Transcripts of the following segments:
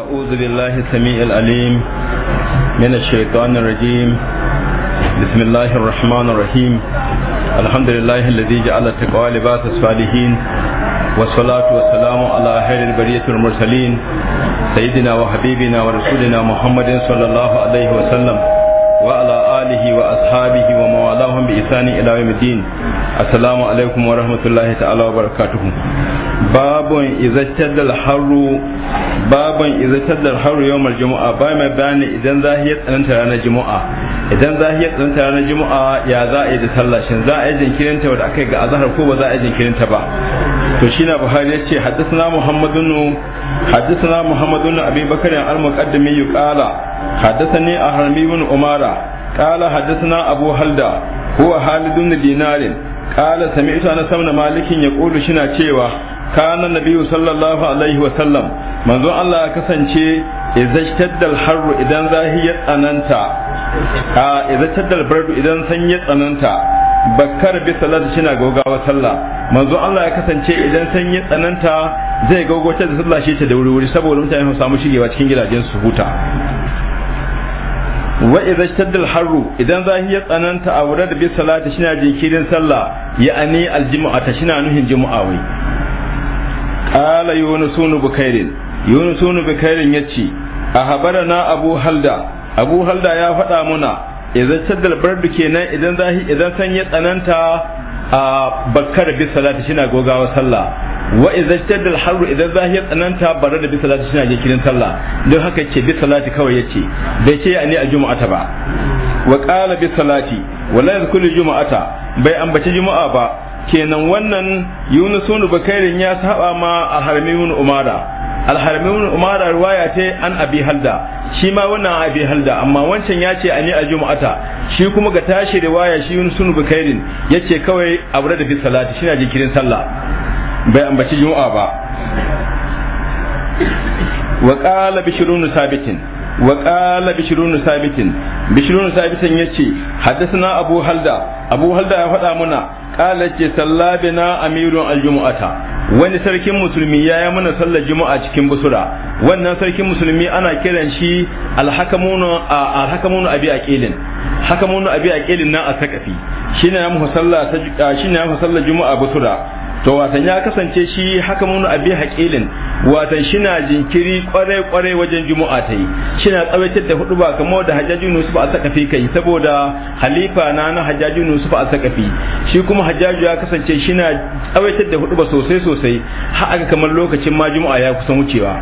أعوذ بالله السميع العليم من الشيطان الرجيم بسم الله الرحمن الرحيم الحمد لله الذي جعل التقوى لباس الصالحين والصلاة والسلام على خير البرية المرسلين سيدنا وحبيبنا ورسولنا محمد صلى الله عليه وسلم وعلى آله وأصحابه وموالاهم بإحسان إلى يوم الدين assalamu alaikum wa rahmatullahi ta'ala wa barakatuhu babun da haru babun izattadal haru yawmal jumu'a ba mai bayani idan zahiyar tsananta ranar jumu'a idan zahiyar tsananta ranar jumu'a ya za a yi da sallah shin za a yi jinkirin ta wanda aka ga azhar ko ba za a yi jinkirin ta ba to shi na buhari ya ce haddasa muhammadun haddasa muhammadun abi bakar kala muqaddimi ne a ahrami ibn umara kala qala na abu halda huwa halid ibn dinarin sami isa na sabna malikin kulu shina cewa kana nabi sallallahu alaihi wa sallam manzo Allah ya kasance izajtaddal harru idan zahiyat tsananta a izajtaddal bardu idan ya tsananta bakkar bi salatu shina gogawa sallah manzo Allah ya kasance idan ya tsananta zai gogota da sallah shi ta da wuri wuri saboda mutane su samu shigewa cikin gidajen su huta wa idza ishtadda al-harru idan zahi ya tsananta a wurin da bi salati shina jinkirin sallah ya'ani al-jumu'a ta shina nuhin jumu'a wai qala yunus ibn bukairin yunus ibn bukairin yace na abu halda abu halda ya faɗa muna idza ishtadda al-bardu kenan idan zahi idan san ya tsananta a bakkar bi salati shina gogawa sallah wa idza shadda al-harru idan zahir tsananta bare da bi salati suna je kirin sallah don haka ce bi salati kawai yace bai ce ani a juma'ata ba wa qala bi salati la yadhkuru juma'ata bai ambaci juma'a ba kenan wannan Yunus ibn Bakairin ya saba ma a harmi Umara al-harmi Umara riwaya ta an Abi Halda shi ma wannan Abi Halda amma wancan ya ce ani a juma'ata shi kuma ga tashi riwaya shi Yunus ibn Bakairin yace kawai abura da bi salati shi na jikirin sallah bai ambaci juma'a ba wa qala bishrun sabitin wa qala bishrun sabitin bishrun sabitin yace haddathana abu halda abu halda ya faɗa muna qala ce sallabina amirun aljumu'ata wani sarkin musulmi ya yi mana sallar juma'a cikin busura wannan sarkin musulmi ana kiran shi alhakamunu abi aqilin hakamunu abi aqilin nan a sakafi shine ya mu sallar shine ya mu sallar juma'a busura to watan ya kasance shi haka munu abi haƙilin watan shina jinkiri kwarai kwarai wajen juma'a ta yi shina tsawaitar da hudu ba kamar da hajjaji nusuf a sakafi kai saboda halifa na na hajjaji nusuf a sakafi shi kuma hajjaju ya kasance shina tsawaitar da hudu ba sosai sosai har aka kamar lokacin ma juma'a ya kusan wucewa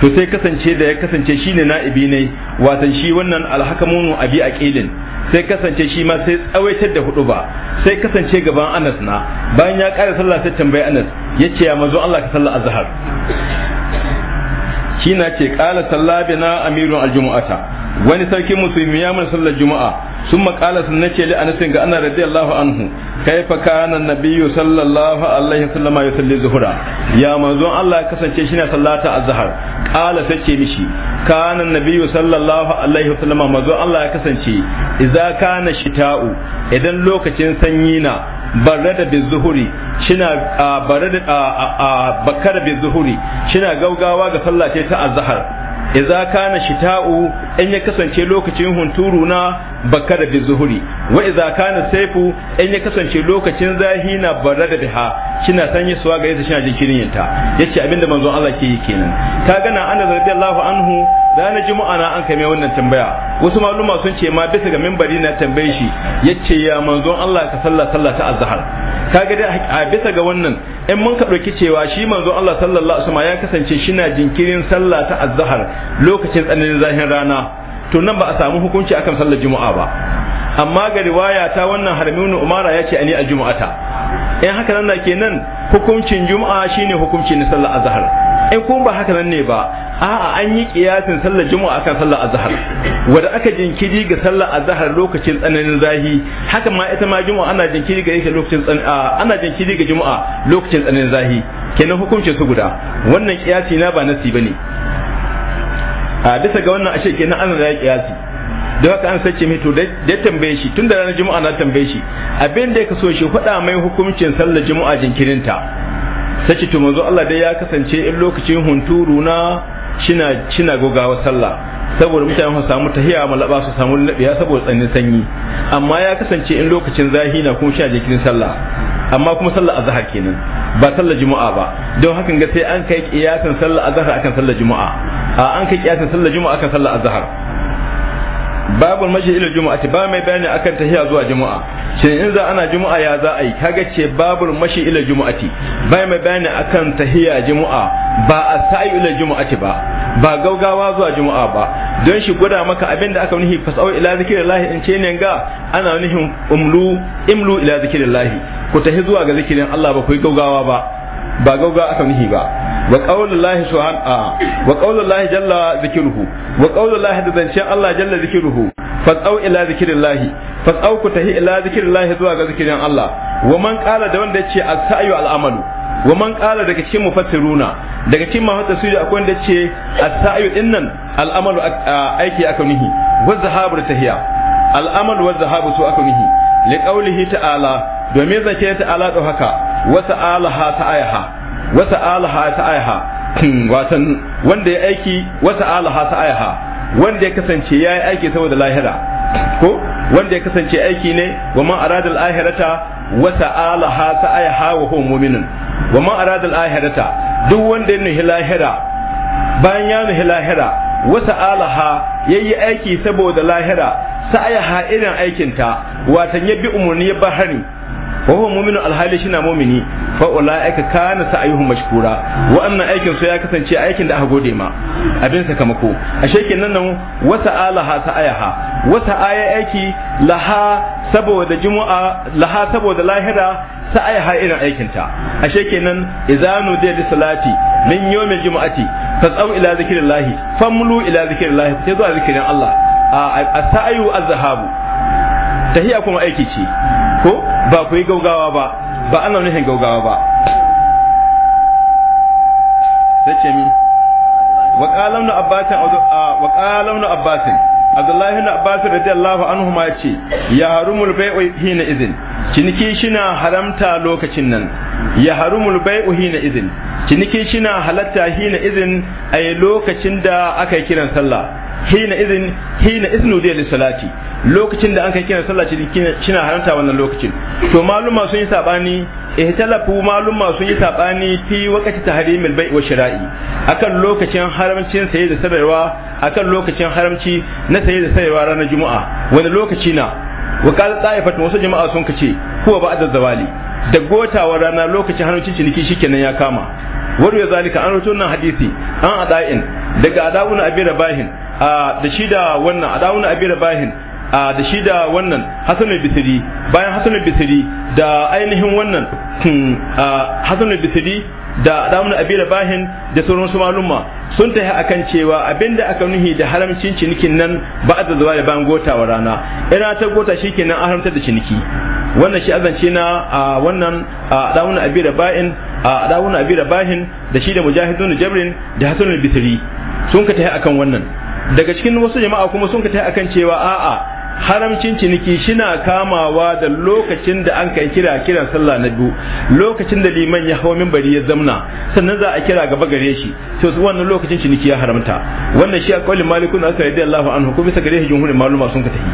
to sai kasance da ya kasance shine na'ibi ne watan shi wannan alhakamunu abi aqilin sai kasance shi ma sai tsawaitar da hudu ba sai kasance gaban Anas na bayan ya ƙara sallah sai tambayi anas yace ya mazo Allah ka sallar azhar na ce qala sallabina amirun aljumu'ata wani sarkin musulmi ya mun sallar juma'a sun maƙala sun nace li anas ga ana radiyallahu anhu fa kana nabiyyu sallallahu alaihi wasallam ya salli zuhura ya manzon Allah ya kasance shi na sallata azhar qala sai ce mishi kana nabiyyu sallallahu alaihi wasallam manzon Allah ya kasance idza kana shita'u idan lokacin sanyi na barada bi zuhuri shina barada bakara bi zuhuri kina gaugawa ga sallah ta azhar idza kana shita'u in ya kasance lokacin hunturu na bakara bi zuhuri wa idza kana saifu in ya kasance lokacin zahi na barada biha kina yi suwa gare ta shina jinkirin yinta ce abinda manzo Allah ke yi kenan ka gana Anas radiyallahu anhu ranar juma'a na an kame wannan tambaya wasu maluma sun ce ma bisa ga mimbari na tambaye shi ya ce ya manzo Allah ka salla salla ta azhar ka dai a bisa ga wannan in mun ka dauki cewa shi manzo Allah sallallahu alaihi wasallam ya kasance shina jinkirin salla ta azahar lokacin tsananin zahin rana to nan ba a samu hukunci akan sallar juma'a ba amma ga riwaya ta wannan harminu umara ya ce ani aljuma'ata in haka nan na kenan hukuncin juma'a shine hukuncin na sallar azhar in kuma ba haka nan ne ba a'a an yi kiyasin sallar juma'a akan sallar azhar wanda aka jinkiri ga sallar azhar lokacin tsananin zahi haka ma ita ma juma'a ana jinkiri ga yake lokacin ana jinkiri ga juma'a lokacin tsananin zahi kenan hukuncin su guda wannan kiyasi na ba nasi bane a bisa ga wannan ashe kenan ana da kiyasi don haka an sace mai to da tambaye shi tun da ranar juma'a na tambaye shi abin da ya kaso shi faɗa mai hukuncin sallar juma'a jinkirinta sace to manzo Allah dai ya kasance in lokacin hunturu na shina shina gogawa sallah saboda mutane su samu tahiya malaba su samu labiya saboda tsanin sanyi amma ya kasance in lokacin zahi na kuma shi jinkirin sallah amma kuma sallar azhar kenan ba sallar juma'a ba don hakan ga sai an kai kiyasan sallar azhar akan sallar juma'a a an kai kiyasan sallar juma'a akan sallar azhar babu mashi ila jumu'ati ba mai bayani akan tahiya zuwa juma'a shin in za ana juma'a ya za a yi kaga ce babu mashi ila jumu'ati ba mai bayani akan tahiya juma'a ba a sa'i ila jumu'ati ba ba gaugawa zuwa juma'a ba don shi gwada maka abin da aka nuhi fasau ila zikirillahi in ce ne ga ana nuhin umlu imlu ila zikirillahi ku tahi zuwa ga zikirin Allah ba ku yi gaugawa ba ba gauga aka nihi ba wa qaulullahi subhan a wa qaulullahi jalla zikruhu wa qaulullahi da zance Allah jalla zikruhu fas'au ila zikrillahi fas'au ku tahi ila zikrillahi zuwa ga zikirin Allah wa man qala da wanda yace as-sa'yu al-amalu wa man qala daga cikin mufassiruna daga cikin mufassiri akwai wanda yace as-sa'yu dinnan al-amalu aiki aka nihi wa zahabu tahiya al-amalu wa zahabu su aka nihi li qawlihi ta'ala domin zance ta alaɗo haka wata alaha ta ayaha wata alaha ta ayaha watan wanda ya aiki wata alaha ta ayaha wanda ya kasance ya yi aiki saboda lahira ko wanda ya kasance aiki ne wa man aradal ahirata alaha ta'alaha sa'aha wa huwa mu'minun wa man aradal ahirata duk wanda ya nuhi lahira bayan ya nuhi lahira wa ta'alaha yayi aiki saboda lahira sa'aha irin aikin ta watan ya bi umurni ya bahari wa huwa mu'minun alhali shi na mu'mini fa ulaika kana sa'ayuhum mashkura anna aikin su ya kasance aikin da aka gode ma abin sakamako ashe kenan nan wa ta sa'ayaha wa ta'aya aiki laha saboda jumu'a laha saboda lahira sa'ayaha irin aikin ta ashe kenan izanu da salati min yawmi jumu'ati fasau ila zikrillahi famlu ila zikrillahi sai zuwa zikirin Allah a sa'ayu azhabu tahiya kuma aiki ce ko ba ku yi gaugawa ba ba ana nufin gaugawa ba sai ce mi wa qala na abbasin wa qala ibn abbas Abdullahi ibn Abbas radiyallahu anhu ma ce ya haru mulbai bai'u hina izin ciniki shi na haramta lokacin nan ya haru mulbai bai'u hina izin ciniki shi na halatta hina izin a lokacin da aka yi kiran sallah hina izin hina iznu da salati lokacin da an kai kina sallah kina haranta wannan lokacin to maluma sun yi sabani ihtalafu maluma sun yi sabani fi wakati tahrimil bai wa shira'i akan lokacin haramcin saye da sayarwa akan lokacin haramci na saye da sayarwa ranar juma'a wani lokaci na wa qala ta'ifatu wasu jama'a sun kace huwa ba'da zawali da gotawa rana lokacin haramcin ciniki shikenan ya kama wadu ya zalika an rutunan hadisi an ada'in daga adawun abi rabahin Ah, da shi da wannan adawuna abi a ah, da shi da wannan hasanul bisiri bayan hasanul bisiri da ainihin wannan hmm, ah, hasanul bisiri da damun abi bahin da sauran su malumma sun tafi akan cewa abinda aka nuhi da haramcin cinikin nan ba da zuwa da bayan gotawa rana ina ta gota shikenan an haramta da ciniki wannan shi azance na wannan damun abi rabahin damun abi bahin da shi da mujahidun jabrin da hasanul bisiri sun ka tafi akan wannan daga cikin wasu jama'a kuma sun kata akan cewa a'a haramcin ciniki shina kamawa da lokacin da an kai kira kiran sallah na biyu lokacin da liman ya hau minbari ya zamna sannan za a kira gaba gare shi to wannan lokacin ciniki ya haramta wannan shi a kaulin malikun yi radiyallahu anhu ko bisa gare shi jumhurin maluma sun ka tafi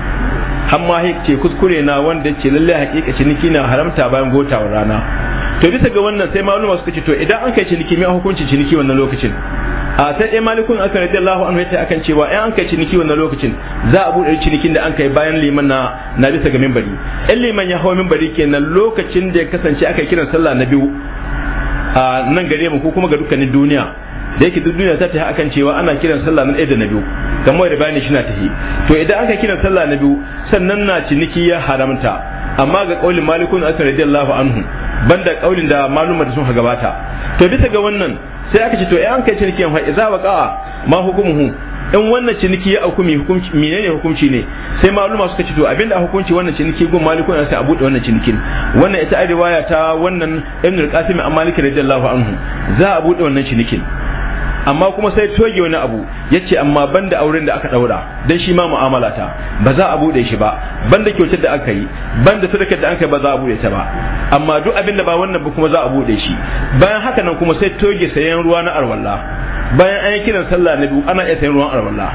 amma ce kuskure na wanda ce lallai hakika ciniki na haramta bayan gotawar rana to bisa ga wannan sai maluma suka ce to idan an kai ciniki mai hukuncin ciniki wannan lokacin a sai dai malikun aka radi Allahu anhu yace akan cewa in an kai ciniki wannan lokacin za a bude cinikin da an kai bayan liman na na bisa ga minbari in liman ya hawo minbari kenan lokacin da ya kasance aka kiran sallah na biyu a nan gare mu ko kuma ga dukkanin duniya da yake duk duniya ta tafi akan cewa ana kiran sallah na ɗaya da na biyu kamar da bayani shi na tafi to idan aka kiran sallah na biyu sannan na ciniki ya haramta amma ga kaulin malikun aka radiyallahu anhu banda kaulin da maluma da sun ha gabata to bisa ga wannan sai aka ce to eh an kai ciniki fa idza waqa ma hukumuhu in wannan ciniki ya auku hukunci menene hukunci ne sai maluma suka ce to abinda a hukunci wannan ciniki gun malikun sai a bude wannan cinikin wannan ita riwaya ta wannan ibn al-qasim an malik radiyallahu anhu za a bude wannan cinikin amma kuma sai toge wani abu yace amma banda auren da aka daura dan shi ma mu'amala ta ba za a bude shi ba banda kyautar da aka yi banda sadakar da aka ba za a bude ta ba amma duk abin da ba wannan ba kuma za a bude shi bayan haka nan kuma sai toge sayan ruwa na arwalla bayan an yi kiran sallah na biyu ana iya sayan ruwan arwalla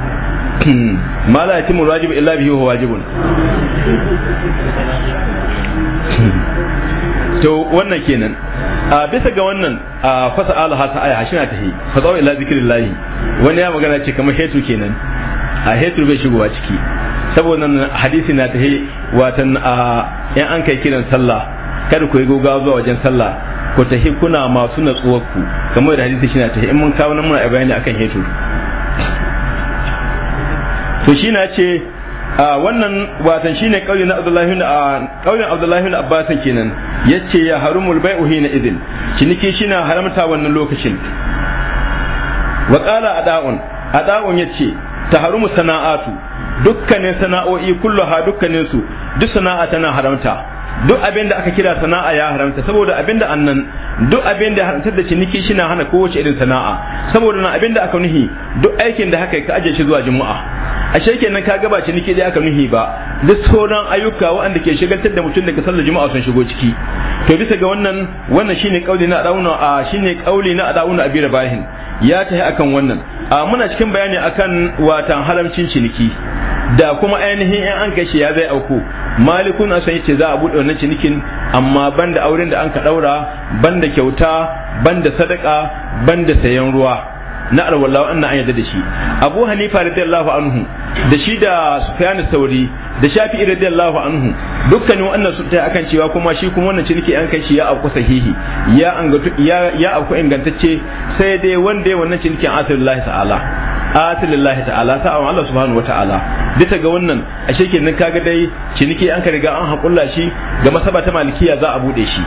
hmm. ma la yatimu wajibu illa bihi huwa wajibun hmm. to wannan kenan a bisa ga wannan a fasa alaha ta aya shi na tahi fa tsawo ila zikrillahi wani ya magana ce kamar hetu kenan a hetu bai shigowa ciki saboda nan hadisi na tahi watan a yan an kai kiran sallah kada ku yi gogawa zuwa wajen sallah ku tahi kuna masu natsuwar ku kamar da hadisi shi na tahi in mun kawo nan muna bayani akan hetu to shi na ce Ah, wannan watan shine kauyen na Abdullahi ibn ah, kauyen Abdullahi ibn Abbas kenan yace ya harumul bai'u hina idin ciniki shine haramta wannan lokacin wa qala ada'un ada'un yace taharumu sana'atu dukkanin sana'o'i ha dukkanin su duk sana'a tana haramta duk abin da aka kira sana'a ya haramta saboda abin da annan duk abin da haramta da ciniki shina hana kowace irin sana'a saboda na abin da aka nuhi duk aikin da haka ka aje shi zuwa juma'a A ashe kenan ka gaba ciniki da aka nuhi ba duk sauran ayyuka waɗanda ke shagaltar da mutum daga sallar juma'a sun shigo ciki to bisa ga wannan wannan shine kauli na adauna a shine kauli na dauna abira bahin ya tahi akan wannan a muna cikin bayani akan watan haramcin ciniki da kuma ainihin in an kashe ya zai auku malikun sai ce za a buɗe wannan cinikin amma banda auren da an ka ɗaura banda kyauta banda sadaka banda sayan ruwa na alwala wannan an yarda da shi abu hanifa radiyallahu anhu da shi da sufyan sauri da shafi radiyallahu anhu dukkanin wannan sun tayi akan cewa kuma shi kuma wannan ciniki an kai shi ya auku sahihi ya ya ya auku ingantacce sai dai wanda ya wannan cinikin asirullahi ta'ala asirullahi ta'ala sa'an Allah subhanahu wa ta'ala bisa ga wannan ashe kenan kaga dai ciniki an ka riga an hakulla shi ga masaba ta malikiya za a bude shi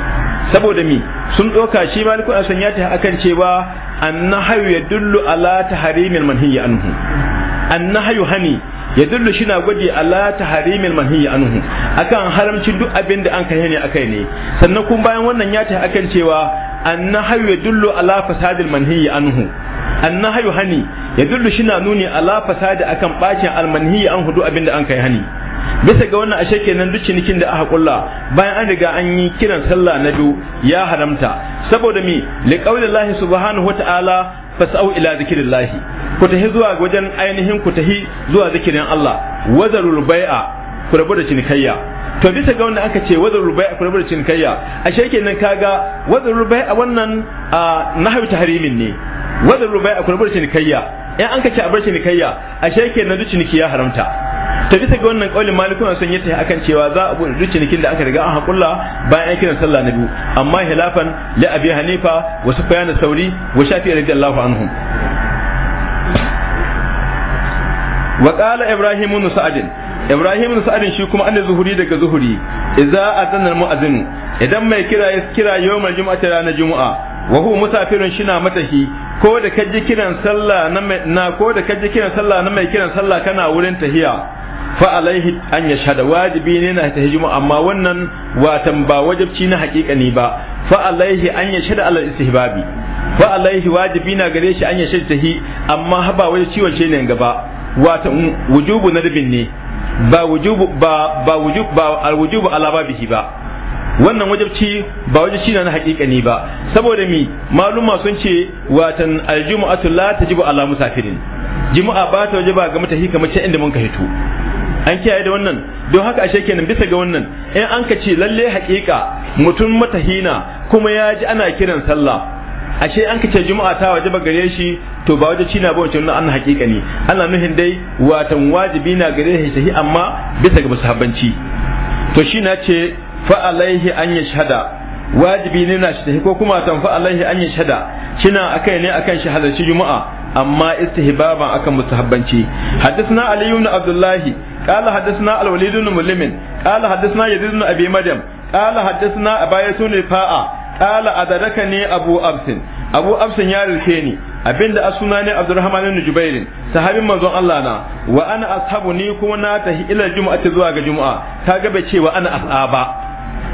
saboda mi sun ɗauka shi maliku a sanya ta akan cewa annahayu ya dullu ala tahrimil manhiyi anhu annahayu hani ya dullu shina gwaji ala tahrimil manhiyi anhu akan haramcin duk abin da an kai ne akai ne sannan kun bayan wannan ya ta akan cewa annahayu ya dullu ala fasadil manhiyi anhu annahayu hani ya dullu shina nuni ala fasadi akan bacin almanhiyi an duk abin da an kai hani bisa ga wannan ashe kenan duk cinikin da aka kulla bayan an riga an yi kiran sallah na biyu ya haramta saboda mi li qaulillahi subhanahu wataala fasau ila zikrillah ku tahi zuwa wajen ainihin ku tahi zuwa zikirin Allah wazarul bai'a ku rabu da cinikayya to bisa ga wanda aka ce wazarul bai'a ku rabu da cinikayya ashe kenan kaga wazarul bai'a wannan nahwi tahrimin ne wazarul bai'a ku rabu da cinikayya in an kace a bar cinikayya ashe kenan duk ciniki ya haramta ta bisa ga wannan kaulin malikuna sun yi ta akan cewa za a bude cinikin da aka riga an hakulla bayan an kiran sallah na biyu amma hilafan li abi hanifa wa sufyan sauri wa shafi radiyallahu anhum wa qala ibrahim ibn sa'd ibrahim ibn sa'd shi kuma an zuhuri daga zuhuri idza azana al mu'azzin idan mai kira ya kira yawmal jumu'ati ranar jumu'a wa huwa musafirun shina matahi ko da kaji kiran sallah na ko da kaji kiran sallah na mai kiran sallah kana wurin tahiya fa alaihi an yashhada wajibi ne na ta hijima amma wannan watan ba wajibci na hakikani ba fa alaihi an yashhada ala istihbabi fa alaihi wajibi na gare shi an yashhada tahi amma ba wajibci wace ne gaba watan wujubu nadbin ne ba wujubu ba ba wujub ba al wujubu ala babihi ba wannan wajibci ba wajibci na hakika ne ba saboda mi maluma sun ce watan aljumu'atu la tajibu ala musafirin juma'a ba ta wajiba ga mutahi kamar can inda mun ka hito an kiyaye da wannan don haka ashe kenan bisa ga wannan in an ka ce lalle haƙiƙa mutum matahina kuma ya ji ana kiran sallah ashe an ka ce juma'a ta wajaba gare shi to ba wajen cina ba wancan nan ana haƙiƙa ne ana nuhin dai watan wajibi na gare shi amma bisa ga musahabanci to shi na ce fa alaihi an shahada wajibi ne na shi ko kuma tan fa alaihi an shahada kina akai ne akan shi juma'a amma istihbaban akan mustahabbanci hadisna ali ibn abdullahi qala hadisna al-walid ibn muslim qala hadisna yazid ibn abi maryam qala hadisna abayatun fa'a qala a abu absin abu absin ya rike ni abinda a suna ne abdurrahman ibn jubair sahabin manzon Allah na wa ana ashabu ni kuma na tahi ila jumu'ati zuwa ga Juma'a? kaga bai ce ana asaba.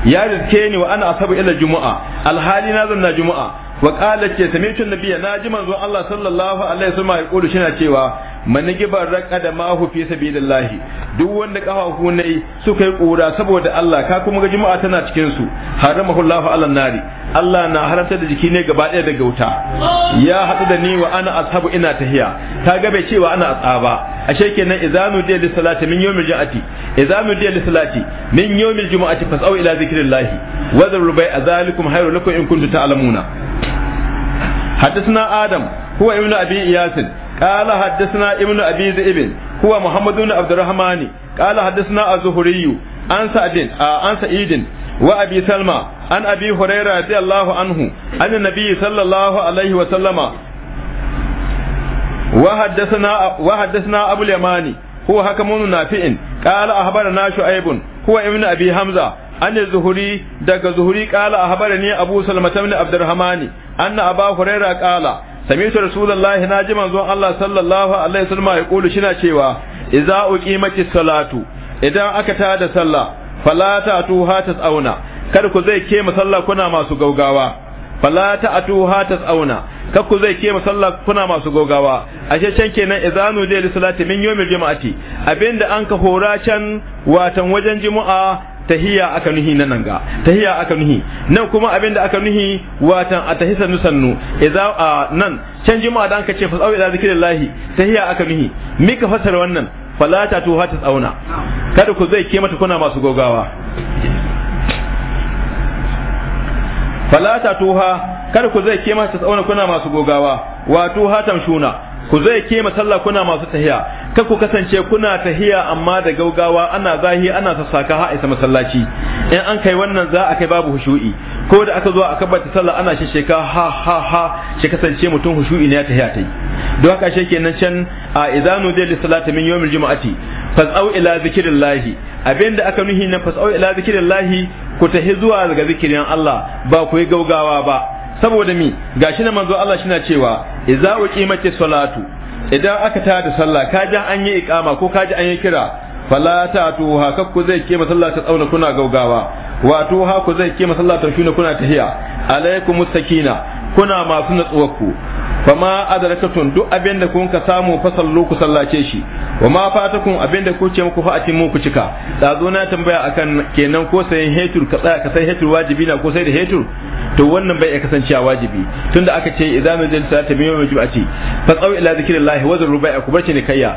ya rike ni wa ana ashabu ila Juma'a, alhali na zanna Juma'a. wa qala ce sami'tu nabiyya naji manzo Allah sallallahu alaihi wasallam ya kudu shina cewa manigibar gibar raka da mahu fi sabilillahi duk wanda kafafu ne suka yi kura saboda Allah ka kuma ga jama'a tana cikin su haramahu Allahu ala nari Allah na haramta da jiki ne gaba ɗaya daga wuta ya haɗu da ni wa ana ashabu ina tahiya ta ga bai cewa ana asaba ashe kenan izanu diya salati min yawmil jum'ati izanu diya salati min yawmil jum'ati fasau ila zikrillahi wa dharru bai azalikum hayru lakum in kuntum ta'lamuna حدثنا آدم هو ابن أبي إياس قال حدثنا ابن ابي ذئب هو محمد بن عبد الرحمن قال حدثنا الزهري عن سعد عن سعيد وابي سلمى عن ابي هريره رضي الله عنه عن النبي صلى الله عليه وسلم وحدثنا وحدثنا ابو اليماني هو حكم نافع قال اخبرنا شعيب هو ابن ابي حمزه عن الزهري دغ زهري قال اخبرني ابو سلمة بن عبد الرحمن ان ابا هريره قال sami'tu rasulullahi naji manzon Allah sallallahu alaihi wasallam ya kulu shina cewa idza uqimati salatu idan aka tada da sallah fala ta'tu ha tas'auna kada ku zai ke sallah kuna masu gaugawa fala ta'tu ha tas'auna kada ku zai ke sallah kuna masu gaugawa ashe can kenan izanu da salati min yawmil juma'ati abinda an ka hora can watan wajen juma'a tahiya aka nuhi na nan ga tahiya aka nuhi nan kuma abin da aka nuhi watan a tahi sannu sannu a nan can juma'a da anka ce fa tsawi ila zikrillahi tahiya aka nuhi mika fasara wannan falata tu hata tsauna kada ku zai ke mata kuna masu gogawa falata tuha kada ku zai ke mata tsauna kuna masu gogawa wato hatam shuna ku zai ke masalla kuna masu tahiya Kar ku kasance kuna tahiya amma da gaugawa ana zahi ana sassaka ha isa masallaci in an kai wannan za a kai babu hushu'i ko da aka zo a kabbata sallah ana shesheka ha ha ha shi kasance mutum hushu'i ne ya tahiya ta yi don haka shi kenan can a idanu dai salati min yawmil jumu'ati fas'au ila zikrillahi abinda aka nuhi na fas'au ila ku tahi zuwa ga zikirin Allah ba ku yi gaugawa ba saboda mi gashi na manzo Allah shi na cewa idza uqimatis salatu idan aka ta da sallah ka ji an yi iqama ko ka ji an yi kira fala ta haka ku zai ke sallah ta tsauna kuna gaugawa wato ha ku zai ke sallah ta shuna kuna tahiya alaikumus sakina kuna masu ku? fama adrakatun duk abin da kun ka samu fa sallu ku sallace shi wa ma fatakun abin da kuce muku fa atimu ku cika dazo na tambaya akan kenan ko sai hetur ka tsaya ka sai hetur wajibi na ko sai da hetur to wannan bai iya kasancewa wajibi tunda aka ce idza nazil salata bi yawmi a fa tsaw ila zikrillahi wa zarru bai'a ku barci ne kayya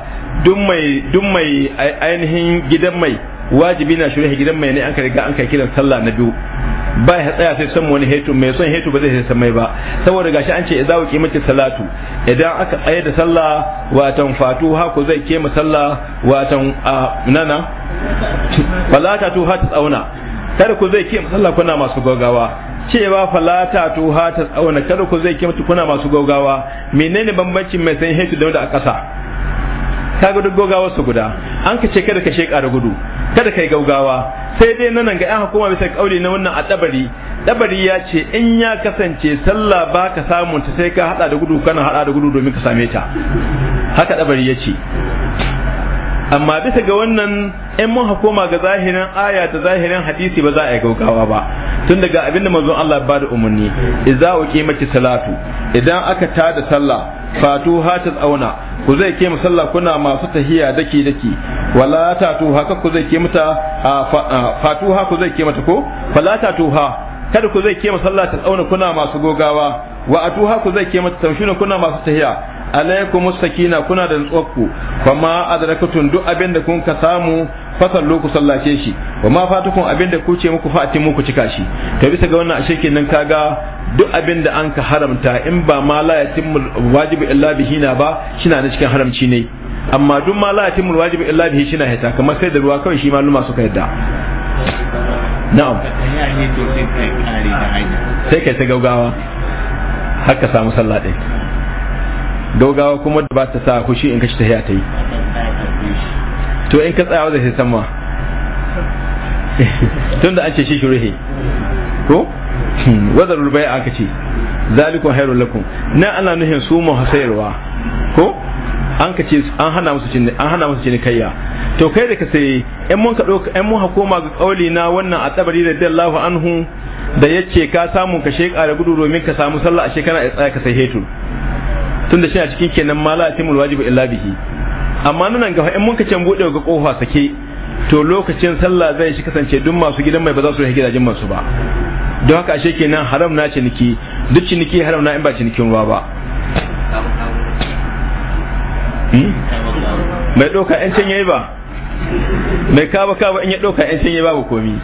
duk mai duk mai ainihin gidan mai wajibi na shirye gidan mai ne an ka riga an kai kiran sallah na biyu ba ya tsaya sai san wani hetu mai son hetu ba zai san mai ba saboda gashi an ce idza qimati salatu idan aka tsaye da sallah watan fatu ha ku zai kema sallah watan nana falata tu ha tsauna kada ku zai kema sallah kuna masu gogawa cewa falata tu ha tsauna kada ku zai kema kuna masu gogawa menene bambancin mai san hetu da wanda a ƙasa kaga duk gaggawa su guda an ka ce kada ka sheka da gudu kada kai gaugawa sai dai nan ga yan hukuma bisa kauli na wannan adabari dabari ya ce in ya kasance sallah ba ka samun ta sai ka hada da gudu kana hada da gudu domin ka same ta haka dabari ya ce amma bisa ga wannan in mun hakoma ga zahirin aya da zahirin hadisi ba za a yi gaugawa ba tun daga abinda manzon Allah ba da umarni idza uqimati salatu idan aka tada sallah fatu hata tsauna ku zai ke sallah kuna masu tahiya daki daki wala tatu haka ku zai ke mata fatu ha ku zai ke mata ko fala tatu ha kada ku zai ke sallah ta tsauna kuna masu gogawa wa atuha ku zai ke mata tawshina kuna masu tahiya alaikum sakina kuna da tsokku kuma adrakatun duk abin da kun ka samu fasallu ku sallace shi kuma fatukun abin da kuce muku fatin muku cika shi to bisa ga wannan ashe kenan kaga duk abin da an ka haramta in ba ma la yatimmu wajib illa bihi na ba shina ne cikin haramci ne amma duk ma la yatimmu wajib illa bihi shina hita kamar sai da ruwa kawai shi maluma suka yadda na'am sai kai ta gaugawa haka samu sallah ɗaya gaugawa kuma da ba ta sa kushi in kashi tahiya ta yi to in ka tsaya zai sama tun da an ce shi shuruhi ko wadar rubai aka ce zalikun hairun lakun na ana nuhin su mu hasayarwa ko an ka ce an hana musu cin an hana musu cin kayya to kai da ka sai in mun ka doka in mun hakoma ga kauli na wannan a tabari radiyallahu anhu da yace ka samu ka sheka da gudu domin ka samu sallah a shekara ya tsaya ka sai hetu tunda shi a cikin kenan ma la atimul wajibu illa bihi amma nan ga in mun kace bude ga kofa sake to lokacin sallah zai shi kasance duk masu gidan mai ba za su yi gidajen masu ba don haka ashe kenan haram na ciniki duk ciniki haram na in ba cinikin ruwa ba mai hmm? ɗauka yan can yayi ba mai kaba kaba in ya doka yan can yayi ba komi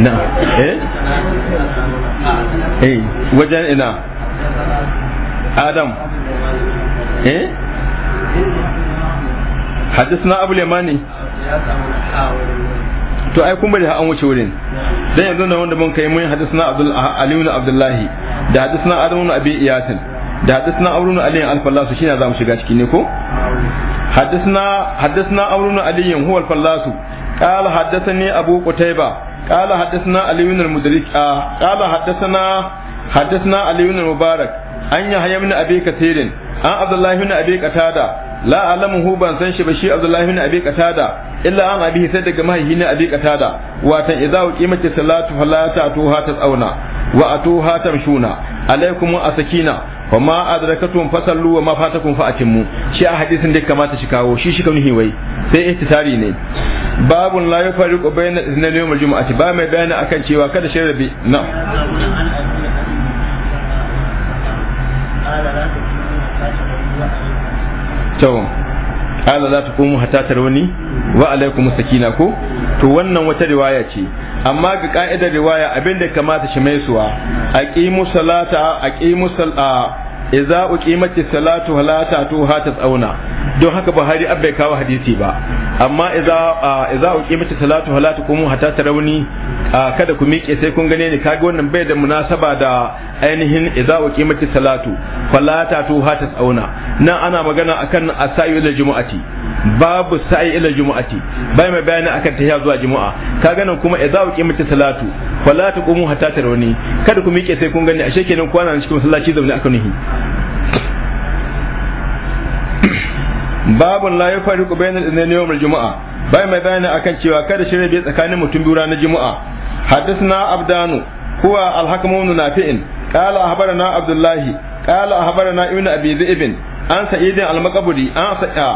na eh eh wajen ina adam eh na abu lemani to ai kun bari an wuce wurin dan yanzu na wanda mun kai mun na abdul ali ibn abdullahi da na adam ibn abi iyasin da hadisna na ibn ali al-fallasu shine mu shiga ciki ne ko hadisna hadisna amr ibn ali huwa al-fallasu قال حدثني أبو قتيبة قال حدثنا علي بن المدرك قال حدثنا حدثنا علي بن المبارك an yahya min abi an abdullahi min abi qatada la alamuhu ban san shi ba shi abdullahi min abi qatada illa an abi sai daga mahaihi na abi qatada watan idza uqimati salatu fala ta'tuha tasawna wa atuha tamshuna fa ma adrakatum fasallu wa ma fatakum fa atimmu shi a hadisin da kamata shi kawo shi shi kan nuhi wai sai ihtisari ne babun la yafariqu bayna ithnayn yawm al ba mai bayani akan cewa kada shi rabi na to ala la taqumu hatta tarawni wa alaykum sakina ko to wannan wata riwaya ce amma bi ka'idar riwaya abin da kamata shi mai suwa aqimu salata aqimu sal'a idza uqimatis salatu halata tu ha auna don haka buhari bai kawo hadisi ba amma iza uki uqimatu salatu halatu kuma hatta tarawni kada ku miƙe sai kun gane ni kage wannan bai da munasaba da ainihin uki uqimatu salatu falata tu hatta tsauna nan ana magana akan asayu da jumu'ati babu sa'i ila jumu'ati bai mai bayani akan ta zuwa jumu'a ka nan kuma idza uqimatu salatu fala taqumu hatta tarawni kada ku miƙe sai kun gane ashe kenan kwana cikin masallaci zaune aka nuhi babun la yafariqu bainal ithnaini yawmal jumu'a bai mai bayani akan cewa kada shirye bai tsakanin mutum biyu ranar jumu'a hadisna abdanu huwa alhakamu Kala a qala na abdullahi Kala a qala na ibn abi dhi'b an sa'id al-maqburi an sa'a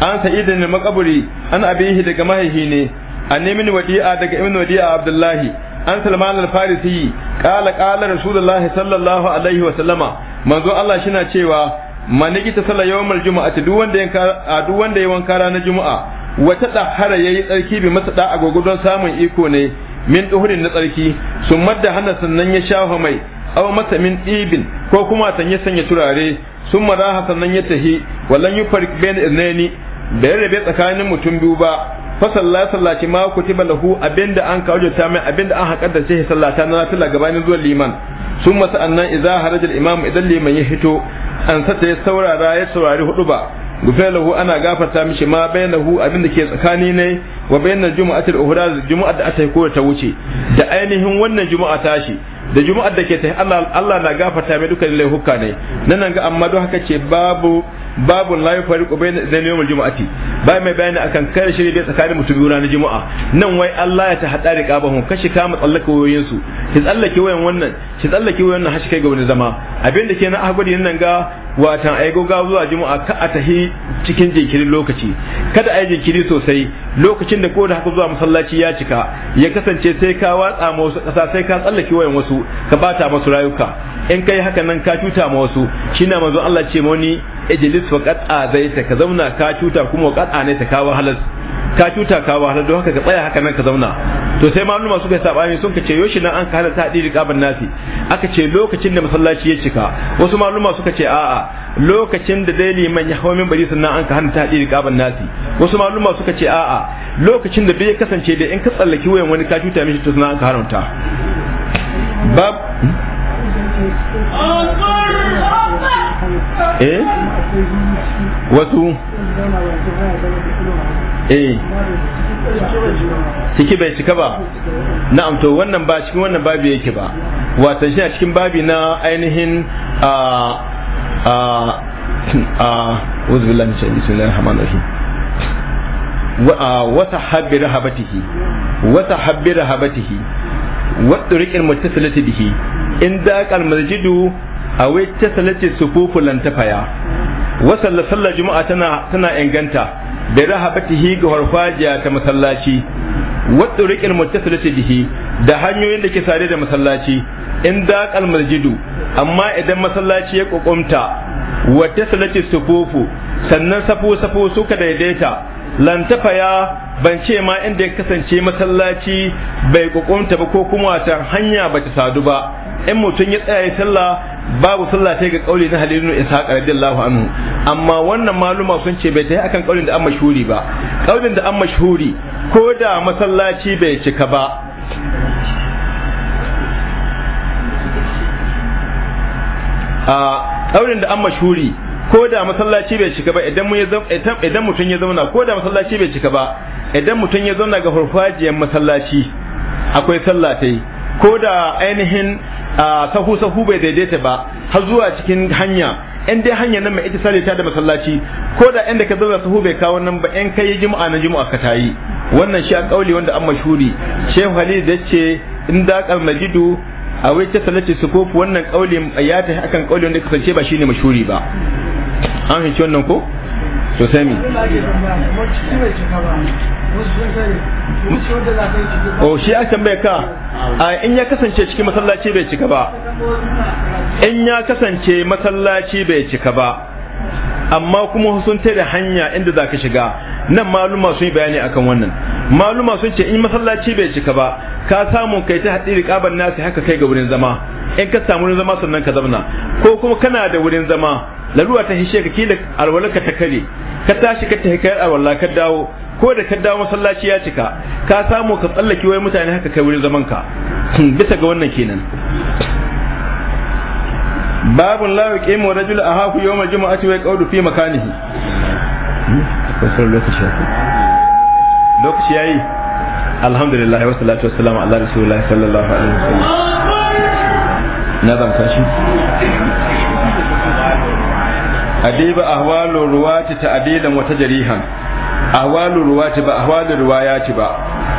an sa'id al-maqburi an abihi daga mahihi ne an min wadi'a daga ibn wadi'a abdullahi an salman al-farisi qala qala rasulullahi sallallahu alaihi wa sallama manzo Allah shina cewa maniki ta sala yawmal jumu'ati duk wanda duk wanda ya wanka ranar juma'a wata ya yi tsarki bi masa da agogo don samun iko ne min duhurin na tsarki sun madda hana sannan ya shafa mai aw masa min ibin ko kuma sanye sanya turare sun maraha sannan ya tahi wallan yufarik bain iznaini bai rabe tsakanin mutum biyu ba fa salla sallaci ma kutiba lahu abinda an ta mai abinda an haƙar da shi sallata na nafila gabanin zuwa liman sun masa annan idza harajal imam idan liman ya hito an sata ya saurara ya saurari hudu ba gufelahu ana gafarta mishi ma bainahu abin da ke tsakani ne wa bainal jumu'ati uhra jumu'at da aka kowa ta wuce da ainihin wannan jumu'a tashi da juma'a da ke ta Allah Allah na gafarta mai dukkan laifuka ne nan ga amma don haka ce babu babu la yufariqu bayna idayn yawm aljum'ati bai mai bayani akan kare shiri da tsakanin mutum biyu ranar juma'a nan wai Allah ya ta hada riqabahum kashi kama tsallaka wayoyin su ki tsallake wayan wannan ki tsallake wayan nan hashi kai ga wani zama abin da kenan ahgudi nan ga watan ai goga zuwa juma'a ka a tahi cikin jinkirin lokaci kada ai jinkiri sosai lokacin da ko da haka zuwa masallaci ya cika ya kasance sai ka watsa ma wasu kasa sai ka tsallake wayan wasu ka bata masu rayuka in kai haka nan ka cuta ma wasu shi na manzo Allah ce ma wani ejilis wa qad azaita ka zauna ka cuta kuma wa ne ta kawo halal ka cuta ka wa halal don haka ka tsaya haka nan ka zauna to sai maluma suka sabani sun ka ce yoshi nan an ka halal ta diri kaban nasi aka ce lokacin da masallaci ya cika wasu maluma suka ce a'a lokacin da dai liman ya hawo min bari sannan an ka halal ta diri kaban nasi wasu maluma suka ce a'a lokacin da bai kasance da in ka tsallaki wayan wani ka cuta mishi to sannan an ka haramta bab hmm? eh wasu eh ciki bai cika ba na'am to wannan ba cikin wannan babi yake ba watan shi a cikin babi na ainihin a a a wuzu billahi min shaytan bismillahir wata habbi rahabatihi wata habbi rahabatihi wa rikin muttasilati bihi in kalmar jidu a wai ta salace su fufu lantafaya wa sallar juma'a tana tana inganta da rahabatihi ga harfajiya ta masallaci wa turiqil muttasilati bihi da hanyoyin da ke sare da masallaci in daqal masjidu amma idan masallaci ya kokomta wa su fufu sannan safu safu suka daidaita lantafaya ban ce ma inda ya kasance masallaci bai ƙoƙomta ba ko kuma wata hanya bata sadu ba in mutum ya tsaya ya sallah babu sallah ta ga kauli na halilu ishaq radiyallahu anhu amma wannan maluma sun ce bai ta akan kaulin da an mashhuri ba kaulin da an mashhuri ko da masallaci bai cika ba a kaulin da an mashhuri ko da masallaci bai cika ba idan mu idan mutum ya zauna ko da masallaci bai cika ba idan mutum ya zauna ga farfajiyar masallaci akwai sallah ta yi ko da ainihin sahu sahu bai daidaita ba har zuwa cikin hanya in dai hanya nan mai ita ta da masallaci ko da inda ka zauna sahu bai kawo nan ba in kai juma'a na juma'a ka tayi wannan shi a kauli wanda an mashuri shehu halil da ce in da kal majidu a wai ta salati sukufu wannan kauli ya ta akan kauli wanda kasance ba shine mashuri ba an hinci wannan ko to sai mi o shi a tambaye ka a in ya kasance cikin masallaci bai cika ba in ya kasance masallaci bai cika ba amma kuma sun da hanya inda za ka shiga nan maluma sun yi bayani akan wannan maluma sun ce in masallaci bai cika ba ka samu kai ta haɗi riƙaban nasi haka kai ga wurin zama in ka samu wurin zama sannan ka zauna ko kuma kana da wurin zama laruwa ta hishe ka kila alwalaka ta kare ka tashi ka tafi kayar alwala ka dawo ko da ka dawo masallaci ya cika ka samu ka tsallaki wai mutane haka kai wurin zaman ka bisa ga wannan kenan babun la yuqimu rajul ahaku yawma jumu'ati wa yaqulu fi makanihi akwai sauran lokaci ya lokaci alhamdulillah wa salatu ala sallallahu alaihi wasallam na adiba ahwalu ruwati ta'dilan wa tajrihan ahwalu ruwati ba ahwalu riwayati ba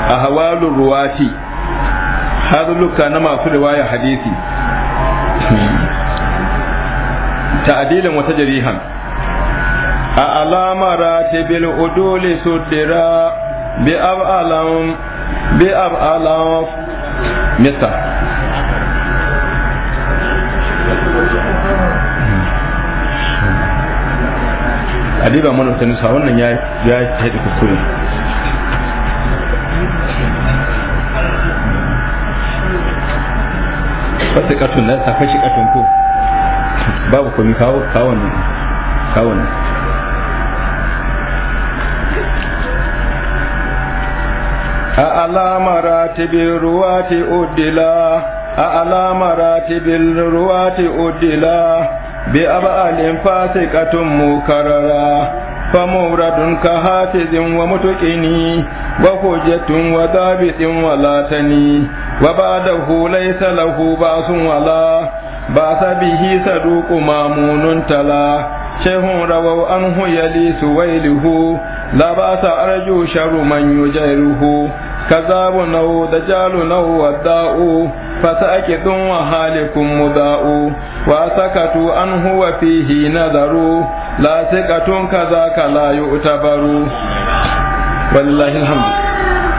ahwalu ruwati na masu riwaya hadisi ta'dilan wa tajrihan على مراتب العدول سدرا بأبعلهم بأبعلهم مصر adiba mana wata nisa wannan ya ya haɗe kuskure wasu katon na safashi katon ko babu kuma kawo kawo ne kawo ne a alamarati bilruwati uddila a alamarati bilruwati uddila bi aba'alin fasiqatun mukarara famuradun ka hafizin wa mutuƙini wa hujjatun wa zabitin wa latani wa ba'dahu laysa lahu ba'sun wala ba'sa bihi saduqu mamunun tala shehun rawau anhu yali suwailihu la ba'sa arju sharu man yujairuhu كذاب نو دجال نو وداء فسأكد وحالكم مداء وسكتوا أن هو فيه نذر لا ثقة كذاك لا يؤتبر ولله الحمد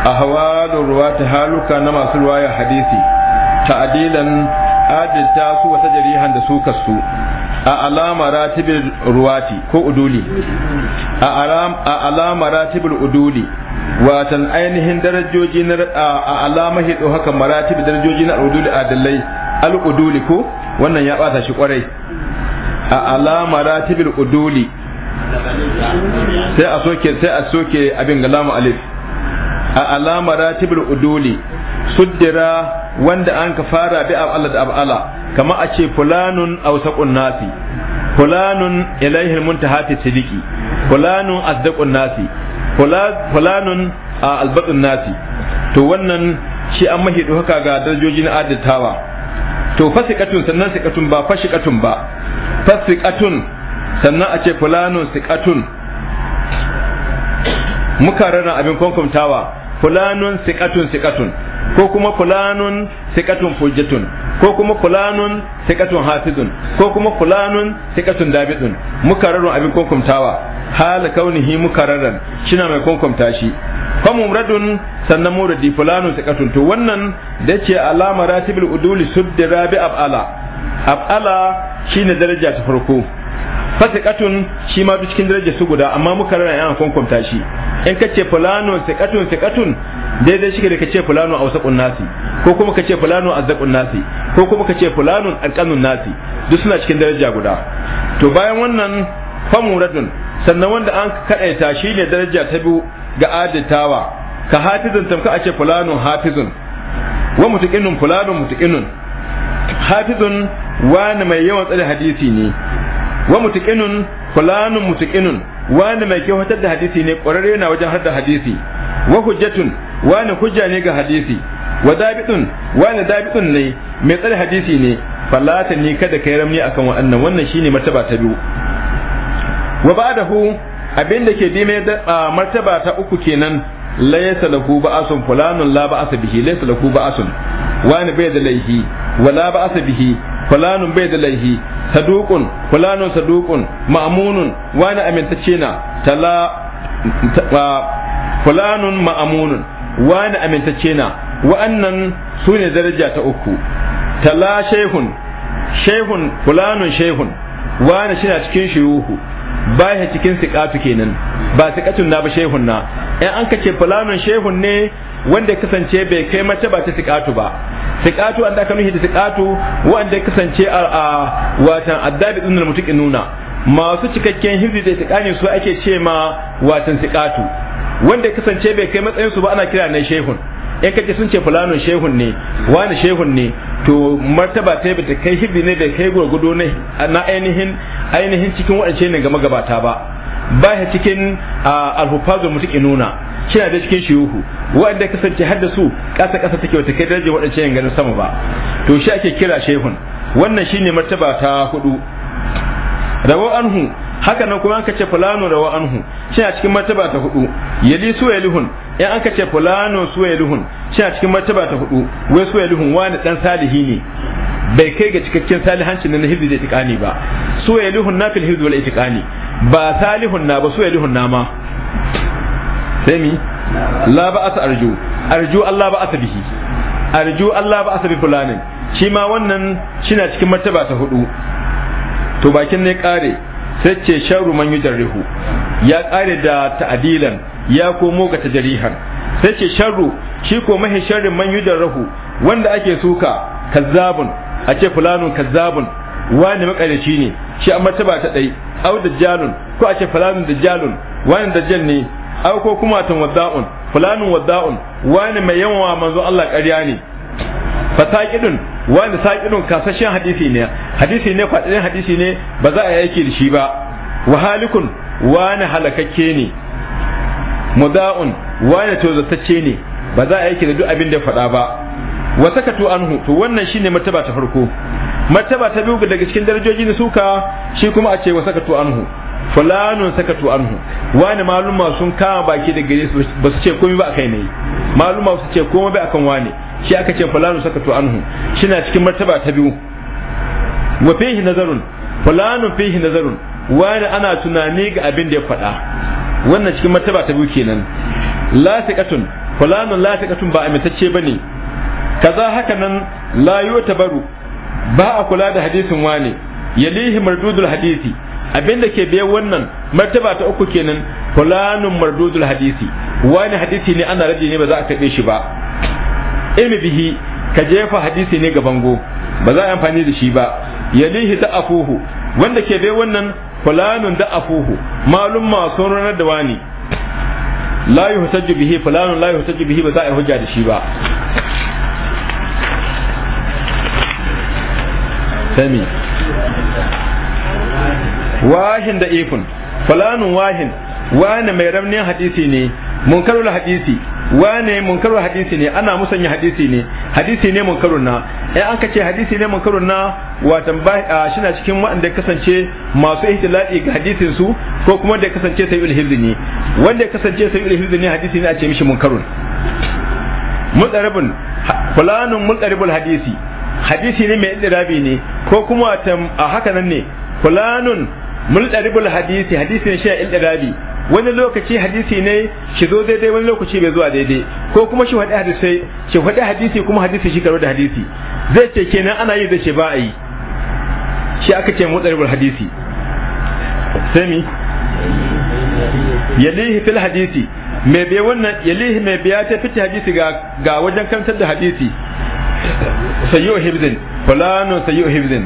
أهوال الرواة هالك نما سلوايا حديثي تعديلا أجل تاسو وتجريها jarihan السوء su kasu a alama ratibin ruwati ko uduli a alama ratibin uduli watan ainihin darajoji na alama hidu haka maratib darajoji na al'uduli adalai al'uduli ko wannan ya bata shi kwarai a alama ratibul uduli sai a soke sai a soke abin galamu alif a alama ratibul uduli suddira wanda an ka fara bi Allah da ab'ala kama a ce fulanun awsaqun nasi fulanun ilaihil muntahati sidiki fulanun asdaqun nasi fulanun a albadun nasi to wannan shi an mahi haka ga darajoji na adatawa to fasikatun sannan sikatun ba fashikatun ba fasikatun sannan a ce fulanun sikatun muka rana abin kwankwamtawa fulanun sikatun sikatun ko kuma fulanun sikatun fujjatun ko kuma fulanun sikatun hafizun ko kuma fulanun sikatun dabidun mukararun abin kunkumtawa hala kaunihi mukararan shina mai kunkumta shi fa mumradun sannan muradi fulanun sikatun to wannan da ce alama ratibul uduli sudda rabi abala abala shine daraja ta farko fasikatun shi ma duk cikin darajar su guda amma muka rana yana kwankwamta shi in ce fulano sikatun sikatun daidai shi da ka ce fulano wasu nasi ko kuma ka ce fulano zaƙun nasi ko kuma ka ce fulano alqanun nasi duk suna cikin daraja guda to bayan wannan famuradun sannan wanda an kaɗaita shi ne daraja ta biyu ga adatawa ka hafizun tamka a ce fulano hafizun wa mutuƙinun fulano mutuƙinun hafizun wani mai yawan tsare hadisi ne wa mutaqinun fulanun mutiqinun wani mai kyautar da hadisi ne ƙwararre na wajen harda hadisi wa hujjatun wani hujja ne ga hadisi wa dabitun wani dabitun ne mai tsare hadisi ne falata ni kada kai ramni akan wannan wannan shine martaba ta biyu wa ba'dahu abin da ke bi mai martaba ta uku kenan laysa lahu ba'asun fulanun la ba'asa bihi laysa lahu ba'asun wani bai da laihi wala ba'asa bihi fulanun bai da laihi saduqun fulanun saduqun ma'munun wani amintacce na tala fulanun ma'munun wani amintacce na wa'annan sune daraja ta uku tala shehun shehun fulanun shehun wani shi na cikin shuyuhu ba cikin siƙatu kenan ba katun na ba shehun na in an ka ce fulanin shehun ne wanda kasance bai kai mace ba ta siqatu ba siqatu an da ka nuhi da siqatu wanda kasance a watan addabi dinul nuna masu cikakken hirzi da tiqani su ake ce ma watan siqatu wanda kasance bai kai matsayin su ba ana kira ne shehun in kace sun ce fulanin shehun ne wani shehun ne to martaba ta bata kai hibi ne bai kai gurgudo ne na ainihin ainihin cikin waɗance ne gama gabata ba ba ya cikin alhufazul nuna kina da cikin shuyuhu wanda kasance haddasu kasa kasa take wata kai darajar wadancan yan ganin sama ba to shi ake kira shehun wannan shine martaba ta hudu rawa anhu haka nan kuma an kace fulano rawa anhu shi a cikin martaba ta hudu yali suwailihun in an kace fulano suwailihun shi a cikin martaba ta hudu wai suwailihun wani dan salihi ne bai kai ga cikakken salihancin na hizbi da itiqani ba suwailihun nafil hizbi wal itiqani ba salihun na ba suwalihun na ma sai mi la ba asa arju arju Allah ba asa bihi arju Allah ba asa bi fulanin shi ma wannan shina cikin martaba ta hudu to bakin ne kare sai ce sharu man yujarrihu ya kare da ta'adilan ya komo ga tajrihan sai ce sharu shi ko mahi sharrin man yujarrihu wanda ake suka kazzabun a ce fulanun kazzabun wani makarici ne shi an martaba ta dai au dajjalun ko a ce falanun dajjalun wani dajjal ne au ko kuma tan wadda'un falanun wadda'un wani mai yawan manzo Allah ƙarya ne fasaqidun wani saqidun kasashen hadisi ne hadisi ne kwadin hadisi ne ba za a yi aiki da shi ba wahalikun wani halakakke ne muda'un wani tozatacce ne ba za a yi aiki da duk abin da ya faɗa ba wa sakatu anhu to wannan shine martaba ta farko martaba ta biyu daga cikin darajoji ne suka shi kuma a ce wa sakatu anhu fulanun sakatu anhu wani maluma sun kama baki da gare su ba su ce komai ba kai ne maluma su ce komai ba akan wani shi aka ce fulanun sakatu anhu shina cikin martaba ta biyu wa fihi nazarun fulanun fihi nazarun wani ana tunani ga abin da ya faɗa wannan cikin martaba ta biyu kenan lasiqatun fulanun lasiqatun ba amintacce bane kaza haka nan la yutabaru ba a kula da hadisin wani yalihi mardudul hadisi abinda ke biyan wannan martaba ta uku kenan fulanun mardudul hadisi wani hadisi ne ana rage ne ba za a taɓe shi ba ilmi bihi ka jefa hadisi ne ga bango ba za a amfani da shi ba yalihi da afuhu wanda ke bai wannan fulanun da afuhu malum ma sun ranar da wani la yuhtaju bihi fulanun la yuhtaju bihi ba za a hujja da shi ba sami wahin da ifun falanun wahin wani mai ramnin hadisi ne munkarul hadisi wane munkarul hadisi ne ana musanya hadisi ne hadisi ne munkarun na in an ka ce hadisi ne munkarun na watan na cikin waɗanda kasance masu ihtilali ga hadisin su ko kuma da kasance sayyul hizbi ne wanda ya kasance sayyul hizbi ne hadisi ne a ce mishi munkarun mudaribun fulanun mudaribul hadisi hadisi ne mai indirabi ne ko kuma a haka nan ne fulanun mulɗaribul hadisi hadisi ne shi a wani lokaci hadisi ne shi zo daidai wani lokaci bai zuwa daidai ko kuma shi faɗi hadisai shi faɗi hadisi kuma hadisi shi karo da hadisi zai ce kenan ana yi zai ce ba a yi shi aka ce mulɗaribul hadisi sami yalihi fil hadisi mai bai wannan yalihi mai biya ta fita hadisi ga ga wajen kantar da hadisi sayyu hibzin fulanun sayyu hibzin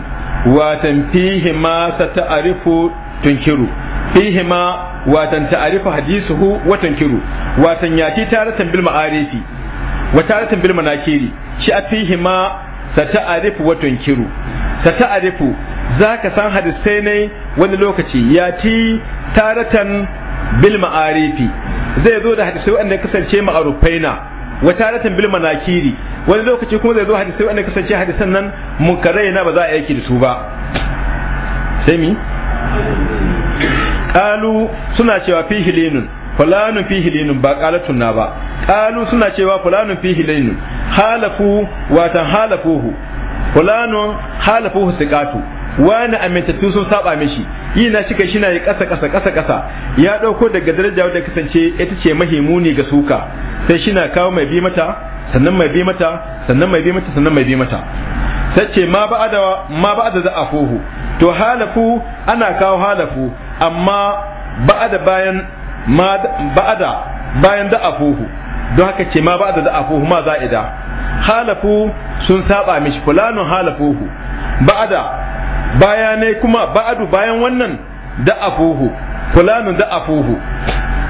watan fihi ma sata'arifu tunkiru fihi ma watan ta'arifu hadisuhu wa tunkiru watan yati taratan bil ma'arifi wa taratan bil manakiri shi a fihi ma sata'arifu wa tunkiru sata'arifu zaka san hadisai ne wani lokaci yati taratan bil ma'arifi zai zo da hadisai wanda kasance ma'arufai na wa taratan bil manakiri wani lokaci kuma zai zo hadisai wanda kasance hadisan nan munkarai na ba za a yake da su ba sai mi qalu suna cewa fi hilinun fulanun fi hilinun ba qalatun na ba qalu suna cewa fulanun fi hilinun halafu wa halafuhu fulanun halafuhu wani amintattu sun saba mishi yi na shi na yi kasa kasa kasa kasa ya dauko daga daraja wadda kasance ita ce mahimuni ga suka sai shi na kawo mai bi mata sannan mai bi mata sannan mai bi mata sannan mai bi mata ce ma ba a ma a fuhu to halafu ana kawo halafu amma ba da bayan ma ba'ada bayan fuhu don haka ce ma ba da ba'ada fuhu ma za'ida halafu sun saba mishi fulanun halafuhu ba'ada Bayanai kuma ba'adu bayan wannan da afuhu fulanun da afuhu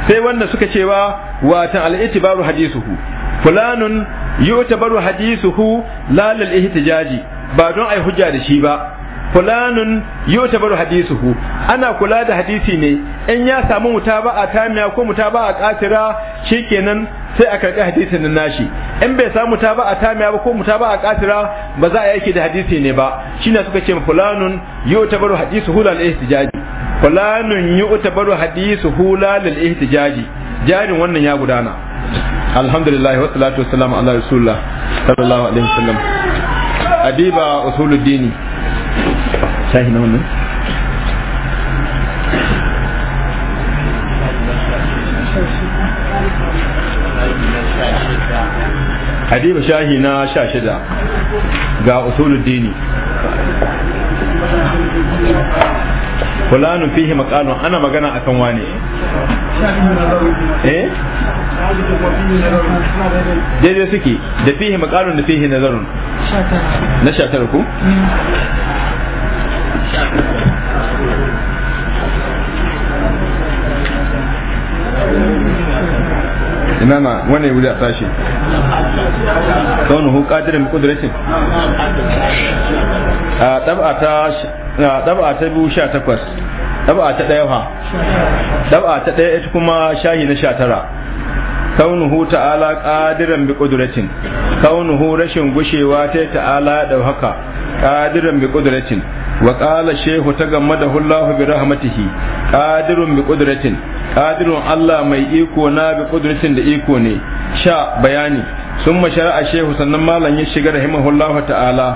sai wanda suka cewa watan al-itibaru hadisuhu fulanun yu'tabaru hadisuhu la lil ihtijaji ba don ai hujja da shi ba fulanun yu'tabaru hadisuhu ana kula da hadisi ne in ya samu mutaba'a tamiya ko mutaba'a katira shikenan sai a karɓi hadisin nashi in bai samu ta ba a tamiya ba ko muta ba a katira ba za a yake da hadisi ne ba shine suka ce fulanun yu'tabaru hadisu hulal ihtijaji fulanun yu'tabaru hadisu hulal ihtijaji jarin wannan ya gudana alhamdulillah wa salatu wassalamu ala rasulillah sallallahu alaihi wasallam adiba usuluddini sahi na wannan hadiba shahi na sha shida ga usuluddini fulanu fihi maqalun ana magana akan wane eh daidai suke da fihi maqalun da fihi nazarun na sha tara ku mm. imama na wannan wuri a tashi kaunuhu qadirin qudratin a dab'a ta biyu sha takwas dab'a ta daya ha dab'a ta daya ita kuma shahi na sha tara kaunuhu ta'ala qadiran bi qudratin kaunuhu rashin gushewa ta ta'ala da haka qadiran bi qudratin wa qala shehu tagammadahu Allah bi rahmatihi qadirun bi qudratin qadirun Allah mai iko na bi qudratin da iko ne sha bayani sun shar'a shehu sannan malam ya shiga rahimahullahu ta'ala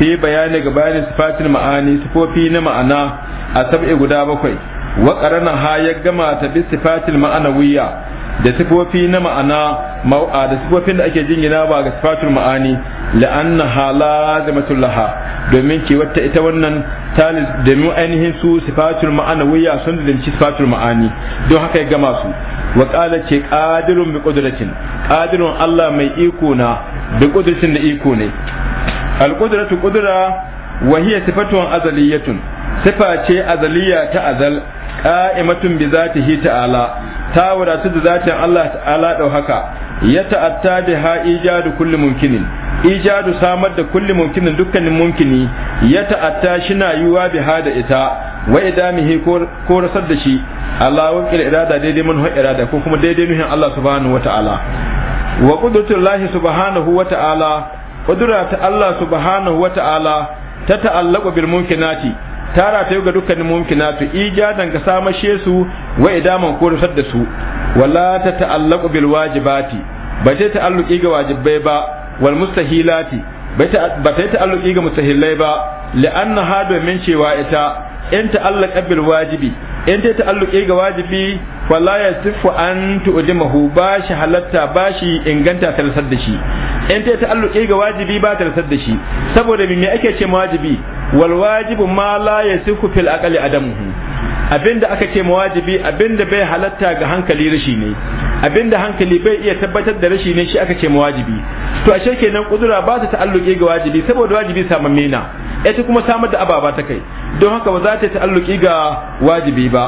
fi bayani ga bayanin sifatin ma'ani sifofi na ma'ana a sab'i guda bakwai wa qarana ha ya gama ta bi sifatil ma'anawiyya da sifofi na ma'ana da sifofin da ake jingina ba ga sifatul ma'ani la'anna hala laha domin ke wata ita wannan talis domin ainihin su sifatul ma'ana wuya sun dalilci sifatul ma'ani don haka ya gama su wa qala ce qadirun bi qudratin qadirun Allah mai iko na bi qudratin da iko ne al qudratu qudra wa hiya sifatun azaliyatun sifa ce azaliya ta azal qa'imatun bi zatihi ta'ala ta wadatu da zatin Allah ta'ala ɗau haka ya ta'atta da ha ijadu kulli mumkinin ijadu samar da kulli mumkinin dukkanin mumkini ya ta'atta shina yiwa bi ha da ita wa idamihi ko rasar da shi Allah wa irada daidai manhaj irada ko kuma daidai nuhin Allah subhanahu wa ta'ala wa qudratullahi subhanahu wa ta'ala qudratu Allah subhanahu wa ta'ala ta ta'allaqu bil mumkinati tara ta ga dukkanin tu ijadan ka samashe su wa idaman ko rusar da su wala ta ta'allaqu bil wajibati ba ta ta'alluqi ga wajibai ba wal mustahilati ba ta ta'alluqi ga mustahilai ba li'anna ha min cewa ita in ta'allaqa bil wajibi in ta ta'alluqi ga wajibi wala yasifu an tu'dimahu ba shi halatta ba shi inganta tarsar da shi in ta ta'alluqi ga wajibi ba tarsar da shi saboda me ake ce wajibi wal wajibu ma la yasihu fil aqli abinda aka ce mawajibi abinda bai halatta ga hankali rashi ne abinda hankali bai iya tabbatar da rashi ne shi aka ce mawajibi to ashe kenan kudura ba ta ta'alluki ga wajibi saboda wajibi samun mena ita kuma samar da ababa ta kai don haka ba za ta ta'alluki ga wajibi ba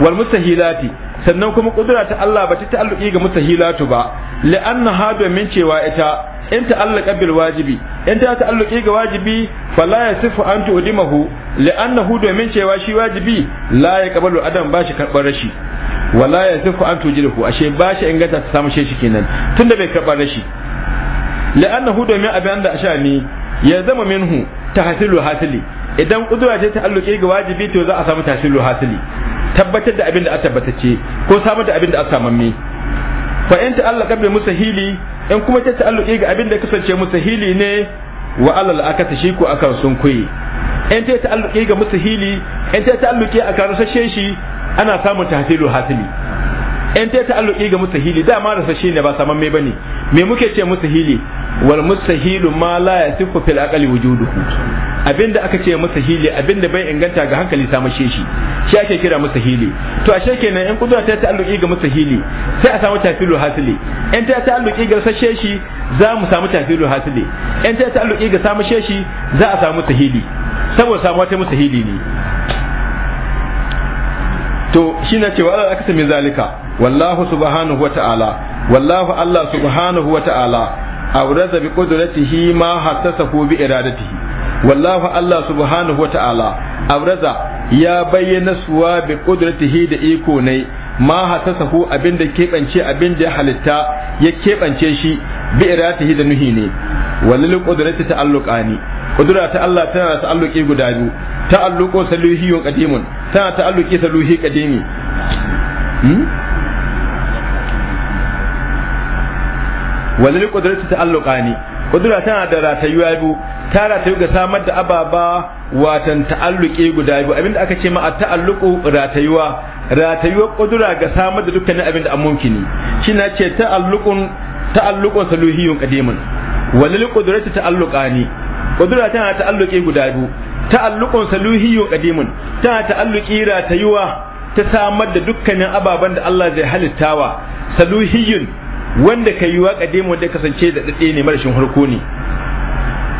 wal mustahilati sannan kuma kudura ta Allah ba ta ta'alluki ga mutahilatu ba la'anna hadu min cewa ita in ta'allaka bil wajibi in ta ta'alluki ga wajibi fala yasifu an tu'dimahu la'annahu domin cewa shi wajibi la yaqbalu adam ba shi karbar rashi wala yasifu an tujidahu ashe ba shi inganta ta samu shi kenan tunda bai karbar rashi la'annahu domin abin da ni, ya zama minhu tahsilu hasili idan kudura ta ta'alluki ga wajibi to za a samu tahsilu hasili tabbatar da abin da aka tabbatace ko samar da abin da aka samamme fa in ta'allaka musahili in kuma ta ta'alluki ga abin da kasance musahili ne wa alal akata shi ko akan sun kuyi in ta ta'alluki ga musahili in ta ta'alluki akan rasashe shi ana samun tahsilu hasili in ta ta'alluki ga musahili dama rasashe ne ba samamme bane me muke ce hili wal mustahilu ma la yasifu fil aqli wujuduhu abinda aka ce hili abinda bai inganta ga hankali samu shi shi ake kira hili to ashe kenan in kudura ta ta'alluki ga hili sai a samu tafilu hasili in ta ta'alluki ga sashe shi za mu samu tafilu hasili in ta ta'alluki ga samu shi za a samu hili saboda samuwa ta hili ne to shi na cewa Allah aka sami zalika wallahu subhanahu wa ta'ala wallahu Allah subhanahu wa ta'ala awraza bi qudratihi ma hassasahu bi iradatihi wallahu Allah subhanahu wa ta'ala awraza ya bayyana suwa bi qudratihi da iko ne ma hasasahu abinda da keɓance abin da halitta ya keɓance shi bi iradatihi da nuhi ne walil qudratu ta'alluqani qudura ta Allah tana da ta'alluqi guda biyu ta'alluqu saluhiyun qadimun tana ta'alluqi saluhi qadimi hmm? walil qudrati ta'alluqani qudura tana da ratayuwa biyu ta ratayu ga samar da ababa watan ta'alluqi guda biyu abinda aka ce ma at ta'alluqu ratayuwa ratayuwa kudura ga samar da dukkanin abinda an mumkini shine ce ta'alluqun ta'alluqun saluhiyun qadimun walil qudrati ta'alluqani qudura tana ta'alluqi guda biyu ta'alluqun saluhiyun qadimun tana ta'alluqi ratayuwa ta samar da dukkanin ababan da Allah zai halittawa saluhiyun wanda ka yi waka demo wanda kasance da dade ne marashin harko ne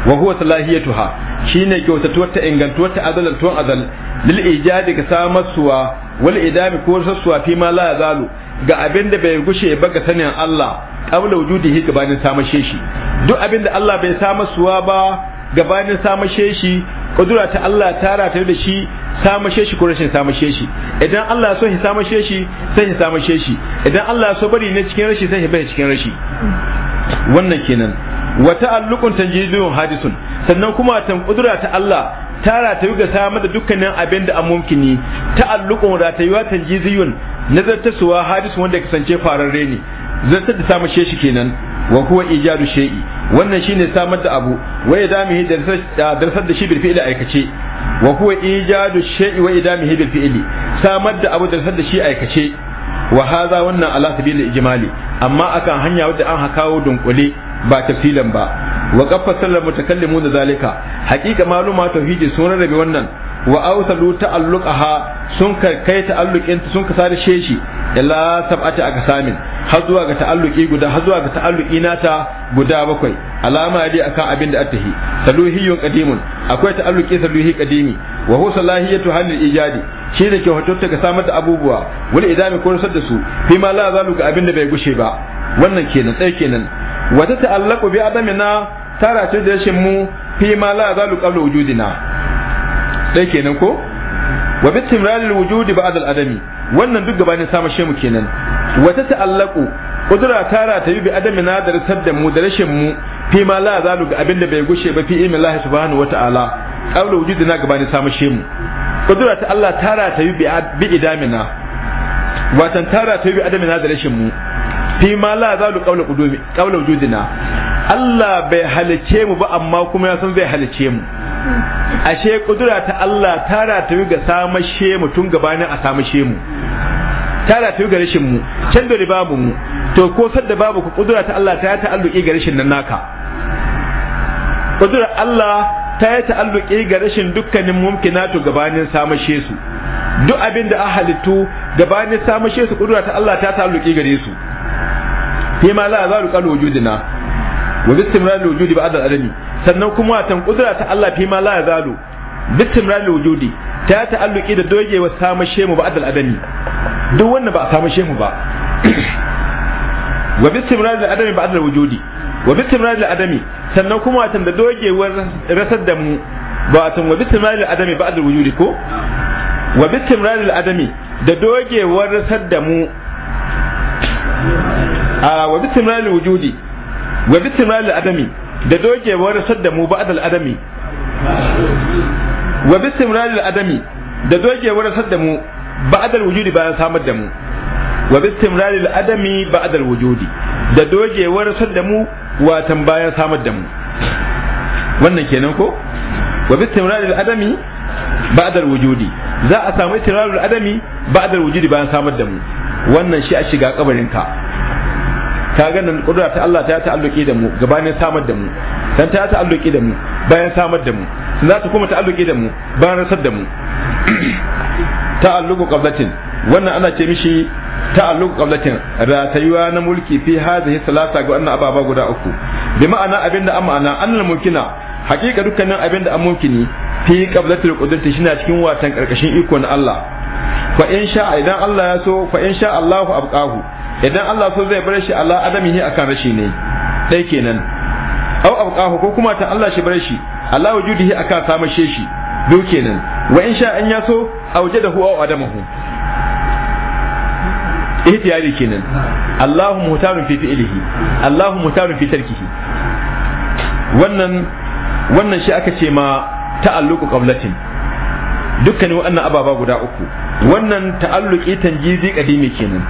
wa huwa salahiyatuha shine kyautatuwar ta ingantuwar ta azalan tuwan azal lil ijadi ka samar suwa wal idami ko sassuwa fi ma la zalu ga abin da bai gushe ba ga sanin Allah qabla wujudihi gabanin samashe shi duk abin da Allah bai samar suwa ba gabanin samashe shi kudura ta Allah ta rata da shi samashe shi ko rashin samashe shi idan Allah so shi samashe shi sai shi samashe shi idan Allah so bari ne cikin rashi sai shi bai cikin rashi wannan kenan wa ta'alluqun tanjidun hadisun sannan kuma tan kudura ta Allah ta rata ga samar da dukkanin abin da an mumkini ta'alluqun ratayuwa tanjidun nazartasuwa hadisun wanda kasance fararre ne zartar da samashe shi kenan wa huwa ijadu shay'i wannan shine samar da abu wa dami darsar da shi bil fi'li aikace wa huwa ijadu shay'i wa idamihi bil fi'li samar da abu darsar da shi aikace wa hadha wannan ala sabil ijmali amma akan hanya wadda an hakawo dunkule ba tafsilan ba wa qaffasal mutakallimuna zalika haqiqa maluma tauhidi sun rarrabe wannan wa awsalu ta'alluqaha sun kai ta'alluqin sun ka sheshi illa sab'ati aqsamin har zuwa ga ta'alluqi guda har zuwa ga ta'alluqi nata guda bakwai alama dai akan abin da atahi saluhiyun qadimun akwai ta'alluqi saluhi qadimi wa huwa salahiyatu halil ijadi shi da ke hototta ga samar da abubuwa wani idami ko rusar da su fi ma la zalu ga abin da bai gushe ba wannan kenan tsaye kenan wata ta'allaqu bi adamina tara ta da shin mu fi ma la zalu qablu wujudina dai kenan ko wa bi timralil wujudi ba'da al adami wannan duk gabanin samun shemu kenan wa ta ta'allaqu ta tara ta bi adami na da rasar da mu da rashin mu fi ma la zalu ga abinda bai gushe ba fi ilmi Allah subhanahu wa ta'ala qawlu wujudi na gabanin samun shemu Kudura ta Allah tara ta bi bi idamina watan tara ta bi adami na da rashin mu fi ma la zalu qawlu qudumi qawlu wujudina Allah bai halice mu ba amma kuma ya san zai halice mu ashe kudura ta Allah ta yi ga samashe mu tun gabanin a samashe mu ta yi ga rashin mu can da babu mu to ko sadda babu ku kudura ta Allah ta ya ta'alluki ga rashin nan naka kudura Allah ta ya ta'alluki ga rashin dukkanin to gabanin samashe su duk abin da a halittu gabanin samashe su kudura ta Allah ta ta'alluki gare su fima la zalu qalu wujudina wa bistimrar wujudi ba'da al-adami sannan kuma watan kudura ta Allah fi ma la yazalu bistimrar wujudi ta ta'alluki da dogewa samashe mu ba'da al-adami duk wanda ba a samashe mu ba wa bistimrar al-adami ba'da al-wujudi wa bistimrar al-adami sannan kuma watan da dogewar rasar da mu ba watan wa bistimrar al-adami ba'da al-wujudi ko wa bistimrar al-adami da dogewar rasar da mu a wa bistimrar al-wujudi wa bitimali adami da dogewar sadda mu ba'dal adami wa bitimali adami da dogewar sadda mu ba'dal wujudi bayan samar da mu wa bistimrari al'adami ba'dal wujudi da dogewar sadda mu watan bayan samar da mu wannan kenan ko wa bistimrari al'adami ba'dal wujudi za a samu istimrari al'adami ba'dal wujudi bayan samar da mu wannan shi a shiga kabarin ka ka ga nan kudura ta Allah ta ta'alluki da mu gabanin samar da mu dan ta ta'alluki da mu bayan samar da mu sun za ta kuma ta'alluki da mu bayan rasar da mu ta'alluku qablatin wannan ana ce mishi ta'alluku qablatin ratayuwa na mulki fi hadhihi salasa ga wannan ababa guda uku bi ma'ana abinda an ma'ana annal mumkina hakika dukkanin abinda an mulkini fi qablatil qudrati shi na cikin watan karkashin iko na Allah fa in sha idan Allah ya so fa in sha Allahu abqahu idan Allah so zai bar shi Allah adamihi akan rashi ne dai kenan au abqahu ko kuma ta Allah shi bar shi Allah wujudihi akan samashe shi do kenan wa in sha an yaso Adamu. aw adamahu ihtiyari kenan Allahu mutarun fi fi'lihi Allahu mutarun fi tarkihi wannan wannan shi aka ce ma ta'alluqu qablatin dukkanin wannan ababa guda uku wannan ta'alluqi tanjizi qadimi kenan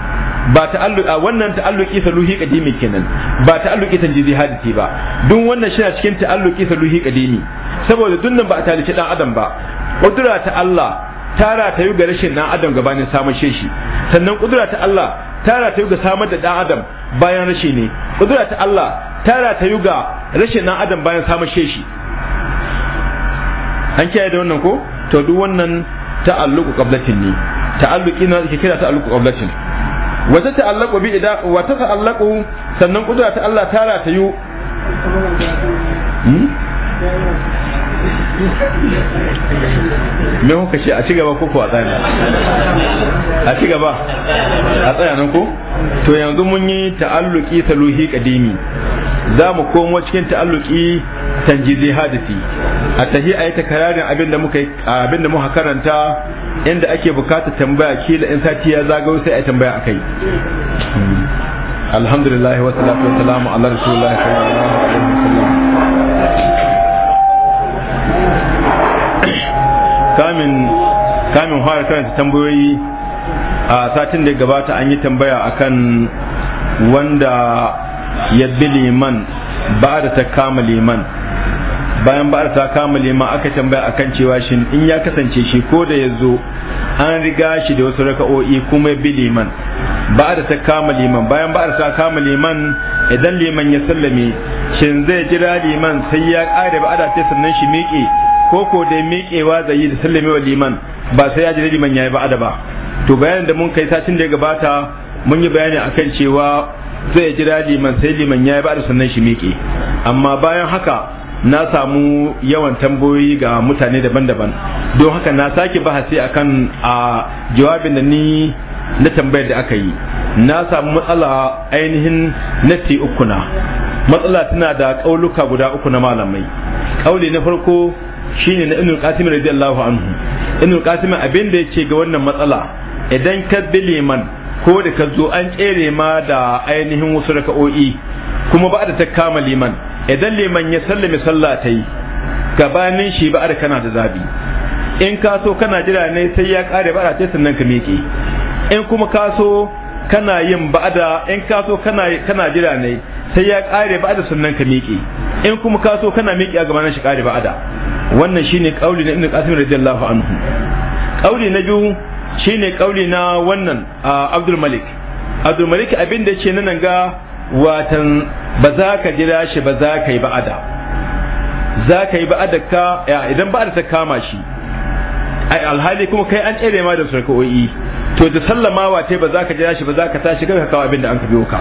ba a wannan ta'alluqi saluhi qadimi kenan ba ta tanjizi hadisi ba duk wannan shi cikin ta'alluqi saluhi qadimi saboda dunnan ba a talice dan adam ba kudura ta Allah tara ta yi ga rashin dan adam gabanin samun shi sannan kudura ta Allah tara ta yi ga samar da dan adam bayan rashi ne kudura ta Allah tara ta yi ga rashin dan adam bayan samun shi an kiyaye da wannan ko to duk wannan ta'alluqu qablatin ne ta'alluqi na ke kira ta'alluqu qablatin wata ta'allaqu bi ida wata ta'allaqu sannan kudura ta Allah ta yu hmm? me kuka ce a ci gaba ko a tsaya a ci gaba a tsaya nan ko to yanzu mun yi ta saluhi kadimi za mu komo cikin ta'alluqi tanjizi hadisi a tahi a yi takararin abin da muka abin da muka karanta inda ake bukata tambaya kila in sati ya zagayo sai a tambaya a kai alhamdulillah wa salatu wa salamu ala rasulillah sallallahu alaihi wasallam kamin kamin fara karanta tambayoyi a satin da gabata an yi tambaya akan wanda ya bi liman ba da ta kama liman bayan ba'ar ta kama lema aka tambaya akan cewa shin in ya kasance shi ko da ya zo an riga shi da wasu raka'o'i kuma bi liman ba'ar ta kama liman bayan ba'ar ta kama liman idan liman ya sallame shin zai jira liman sai ya ƙare ba'ada ta sannan shi miƙe ko ko da miƙewa zai yi da wa liman ba sai ya jira liman ya yi ba'ada ba to bayanin da mun kai satin da ya gabata mun yi bayani akan cewa zai jira liman sai liman ya yi ba'ada sannan shi miƙe amma bayan haka na samu yawan tambayoyi ga mutane daban-daban don haka na sake bahasi akan a jawabin da ni na tambayar da aka yi na samu matsala ainihin na uku na matsala tana da ƙauluka guda uku na malamai ƙauli na farko shine na ibnul qasim radiyallahu anhu inul qasim abin da yake ga wannan matsala idan ka bi liman ko da ka zo an kere ma da ainihin wasu raka'o'i kuma ba da ta kama liman idan liman ya sallame sallah ta yi gabanin shi ba kana da zabi in ka so kana jira ne sai ya kare ba ta sannan ka miƙe in kuma ka so kana yin ba'ada in ka so kana kana jira ne sai ya kare ba'ada sannan ka miƙe in kuma ka so kana miƙe a gabanin shi kare ba'ada wannan shine kauli na Ibn Qasim radiyallahu anhu kauli na biyu shine kauli na wannan Abdul Malik Abdul Malik abin da yake nan ga watan ba za ka jira shi ba za ka yi ba'ada za ka yi ba'ada ka idan ba'ada ta kama shi ai alhali kuma kai an tsere ma da sarko'i to da wa tai ba za ka jira shi ba za ka tashi kai ka kawo abin da an ka biyo ka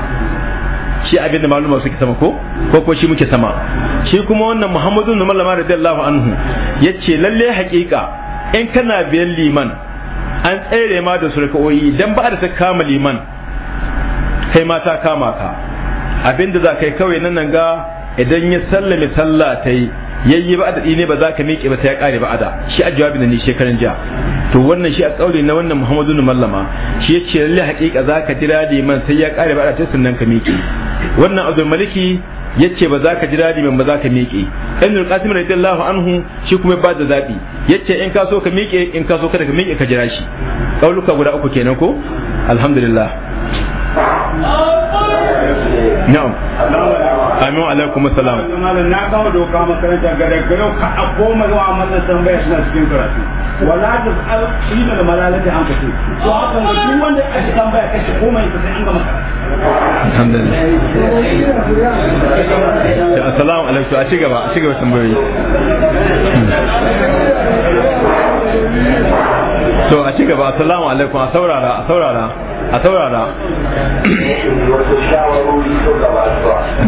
shi abin da maluma suke sama ko ko ko shi muke sama shi kuma wannan muhammadu bin mallama radiyallahu anhu yace lalle haƙiƙa in kana biyan liman an tsere ma da sarko'i dan ba'ada ta kama liman kai ma ta kama ka abinda za ka yi kawai nan ga idan ya sallame sallah ta yi yayi ba adadi ne ba za ka miƙe ba ta ya ƙare ba ada shi a jawabin da ni shekaran jiya to wannan shi a ƙauri na wannan muhammadu mallama shi ya ce lalle haƙiƙa za ka jira liman sai ya ƙare ba ada ta sannan ka miƙe wannan abdul maliki ya ce ba za ka jira liman ba za ka miƙe ibn al-qasim radiyallahu anhu shi kuma ba da zabi ya ce in ka so ka miƙe in ka so kada ka miƙe ka jira shi ƙauluka guda uku kenan ko alhamdulillah na'am amin na kawo doka makaranta ga daga ta an kace to haka duk wanda tambaya kace an gama alhamdulillah assalamu alaikum a a tambayoyi hmm. to a ci gaba assalamu alaikum a saurara a saurara a saurara wasu alaikum wa wa a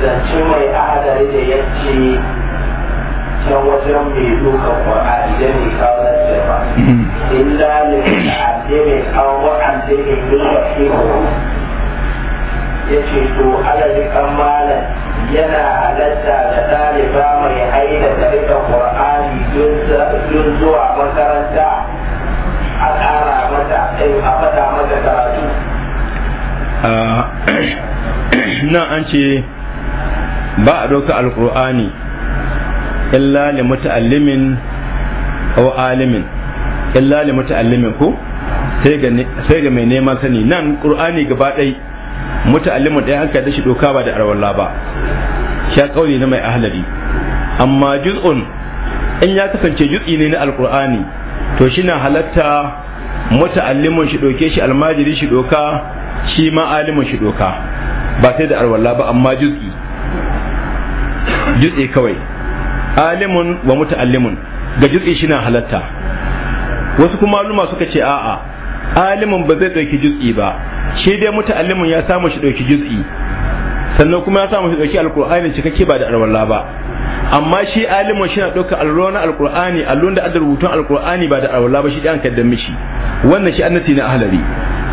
zance mai adari da yace can wajen mai dukan ƙwararri da ne kawo إلا لمتعدم أو معدم يوحيه يشهد على yana ينا da طالبا mai da rika Qur'ani don zuwa makaranta a ƙara mata a faɗa mata karatu. Nan an ce ba a ɗauka alƙur'ani illa li muta'allimin aw alimin illa li muta'allimin ko sai ga sai ga mai neman sani nan qur'ani gaba dai muta'allimin dai an ka da shi doka ba da arwalla ba sha kauli na mai ahlabi amma juz'un in ya kasance juz'i ne na alqur'ani to shi na halatta muta'allimin shi doke shi almajiri shi doka shi ma alimin shi doka ba sai da arwalla ba amma juz'i juz'i kawai alimun wa muta'allimun ga juz'i shi na halatta wasu kuma maluma suka ce a'a alimin ba zai ɗauki juz'i ba shi dai muta'allimin ya samu shi ɗauki juz'i sannan kuma ya samu shi ɗauki alkur'ani cikakke ba da alwala ba amma shi alimin shi na ɗauka alwala na alkur'ani allon da adar rubutun alkur'ani ba da alwala ba shi ɗan kaddan mishi wannan shi annati na ahlari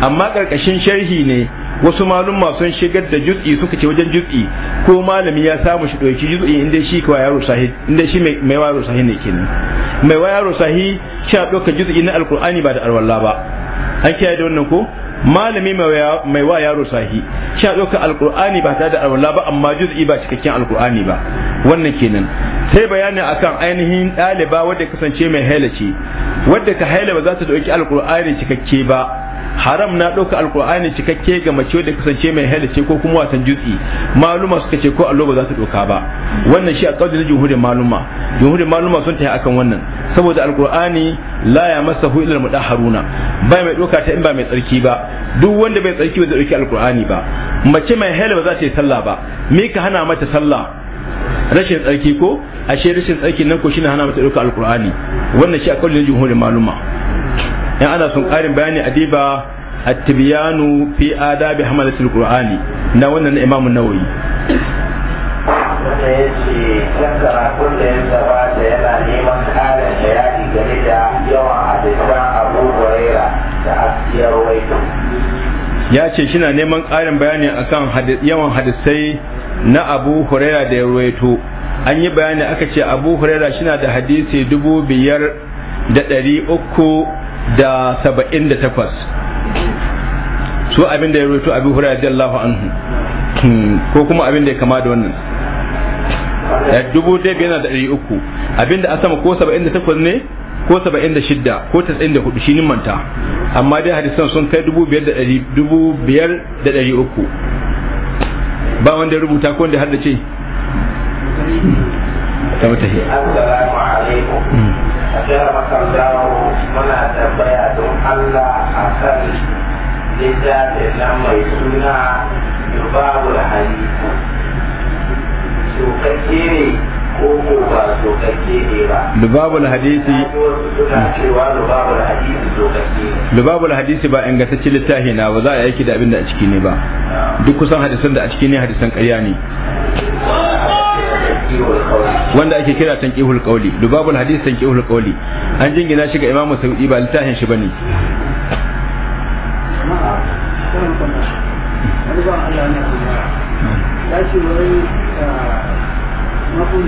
amma ƙarƙashin sharhi ne wasu malumma sun shigar da jutsi suka ce wajen jutsi ko malami ya samu shi ɗauki jutsi inda shi kawai yaro sahi inda shi mai yaro sahi ne kenan mai yaro sahi sha ɗauka jutsi na alkur'ani ba da alwala ba an kiyaye da wannan ko malami mai wa yaro sahi sha ɗauka alkur'ani ba tare da alwala ba amma jutsi ba cikakken alkur'ani ba wannan kenan sai bayani akan ainihin ɗaliba wadda kasance mai haila ce wadda ka haila ba za ta ɗauki alkur'ani cikakke ba haram na ɗauka alkur'ani cikakke ga mace da kasance mai halice ko kuma watan jutsi maluma suka ce ko allo ba za ta ɗauka ba wannan shi a ƙaudin jumhurin maluma jumhurin maluma sun tafi akan wannan saboda Alƙur'ani la ya masa hu ilal mudahharuna ba mai ɗauka ta in ba mai tsarki ba duk wanda bai tsarki ba zai ɗauki Alƙur'ani ba mace mai hali ba za ta yi sallah ba me ka hana mata sallah rashin tsarki ko ashe rashin tsarki nan ko shine hana mata ɗauka Alƙur'ani wannan shi a kawai jumhurin maluma in ana sun karin bayani adiba at-tibyanu fi adabi hamalatul qur'ani na wannan na imamu nawawi wannan yace yan karatun da ya gabata yana neman karin bayani game da yawan hadisan abu huraira da asiyar waito ya ce shina neman ƙarin bayani akan yawan hadisai na abu huraira da ya ruwaito an yi bayani aka ce abu huraira shina da hadisi dubu biyar da ɗari uku da saba'in da takwas su abin da ya roto abu hura radiyallahu anhu hmm, ko kuma abin da ya kama da wannan dubu da biyana da ɗari uku abin da asama ko saba'in da takwas ne ko saba'in da shidda ko tasa'in da hudu shi ni manta amma dai hadisan sun kai dubu biyar da ɗari dubu biyar da ɗari uku ba wanda ya rubuta ko wanda har da ce ta a jihar makardawo muna tambaya don allah akan kan littafin nan mai suna yubabu hadisu sokakke ne ko ko ba sokakke ne ba lubabul hadisi suna cewa lubabul hadisi sokakke ne lubabul hadisi ba ingantaccen littafi na ba za a aiki da abinda da a ciki ne ba duk kusan hadisan da a ciki hadisan ƙarya ne wanda ake kira tanqihul qawli lubabul hadith tanqihul qawli an jingina shi ga imamu saudi ba littafin shi bane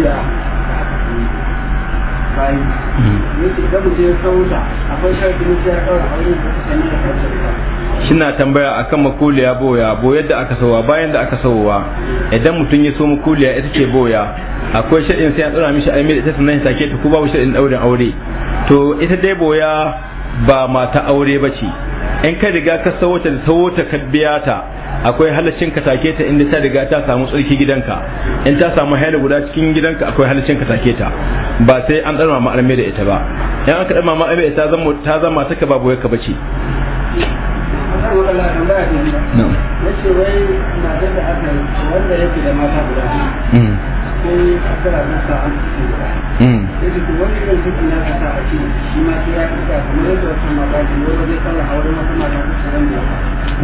ya ah, Hmm. yake ya sauta akwai da shina tambaya akan makuliya boya boyar da aka sauwa bayan da aka sauwa idan mutum ya so makuliya ita ce boya akwai shaɗin sai an ɗora mishi aimi da ita sannan ya sake ta ko babu shaɗin ɗaurin aure to ita dai boya ba mata aure ba ce in ka riga ka sauta da sauta ka biya ta akwai halacin ka take ta inda ta riga ta samu tsarki gidanka in ta samu haila guda cikin gidanka akwai halacin ka take ta ba sai an ɗarma ma'arme da ita ba in aka ɗarma ma'arme ita ta zama ta ka babu ka bace wanda yake da mata guda mm.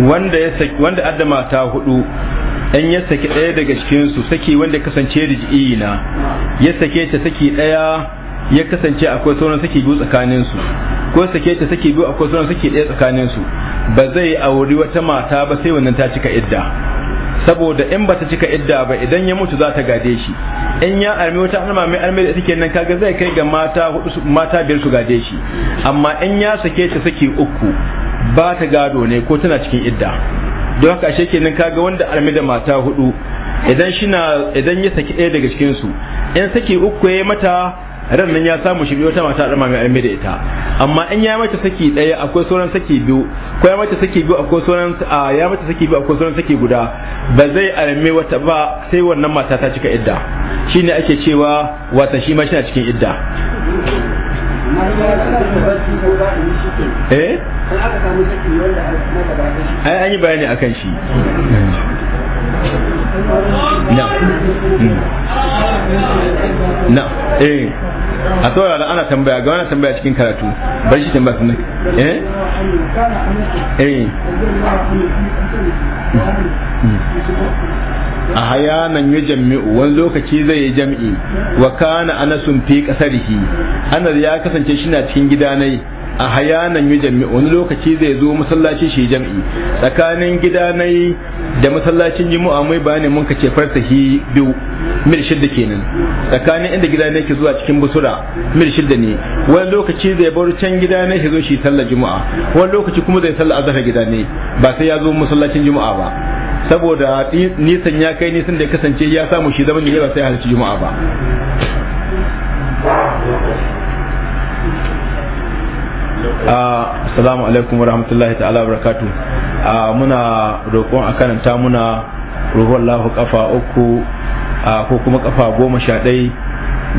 wanda ya saki wanda adda mata hudu dan ya saki daya daga cikin su saki wanda kasance ji'i na ya sake ta saki daya ya kasance akwai sauran saki biyu tsakanin su ko sake ta saki biyu akwai sauran saki daya tsakanin su ba zai auri wata mata ba sai wannan ta cika idda saboda in bata cika idda ba idan ya mutu za ta gade shi in ya armi wata alama mai almi da take nan kaga zai kai ga mata hudu mata biyar su gade shi amma in ya sake ta saki uku ba ta gado ne ko tana cikin idda don haka ashe kenan kaga wanda armi da mata hudu idan shina idan ya saki ɗaya daga cikin su in saki uku ya mata ran nan ya samu shi biyo ta mata da mai aime da ita amma in ya mata saki daya akwai sauran saki biyu ko ya mata saki biyu akwai sauran ya mata saki biyu akwai sauran saki guda ba zai arme wata ba sai wannan mata ta cika idda shine ake cewa wata shi ma shi cikin idda eh an yi bayani akan shi na hmm. na eh a saurara ana tambaya ga wani tambaya cikin karatu bai shi tambaya sannan eh eh hmm. a hayanan ya jami'u wani lokaci zai yi jami'i wa kana ana sun fi kasarihi anas ya kasance shi na cikin gidanai a hayanan yi jami'i wani lokaci zai zo masallacin shi jami'i tsakanin gida nai da masallacin jimu'a mai bayanin mun kace farsahi biyu mil shidda kenan tsakanin inda gida ne ke zuwa cikin busura mil shidda ne wani lokaci zai bar can gida ne zo shi sallar jimu'a wani lokaci kuma zai sallar azhar gida ne ba sai ya zo masallacin jimu'a ba saboda nisan ya kai nisan da ya kasance ya samu shi zaman da ya ba sai ya halarci jimu'a ba Uh, assalamu alaikum warahmatullahi ta'ala barakatu uh, muna roƙon a karanta muna roƙon lahu kafa uku uh, ko kuma kafa goma sha ɗai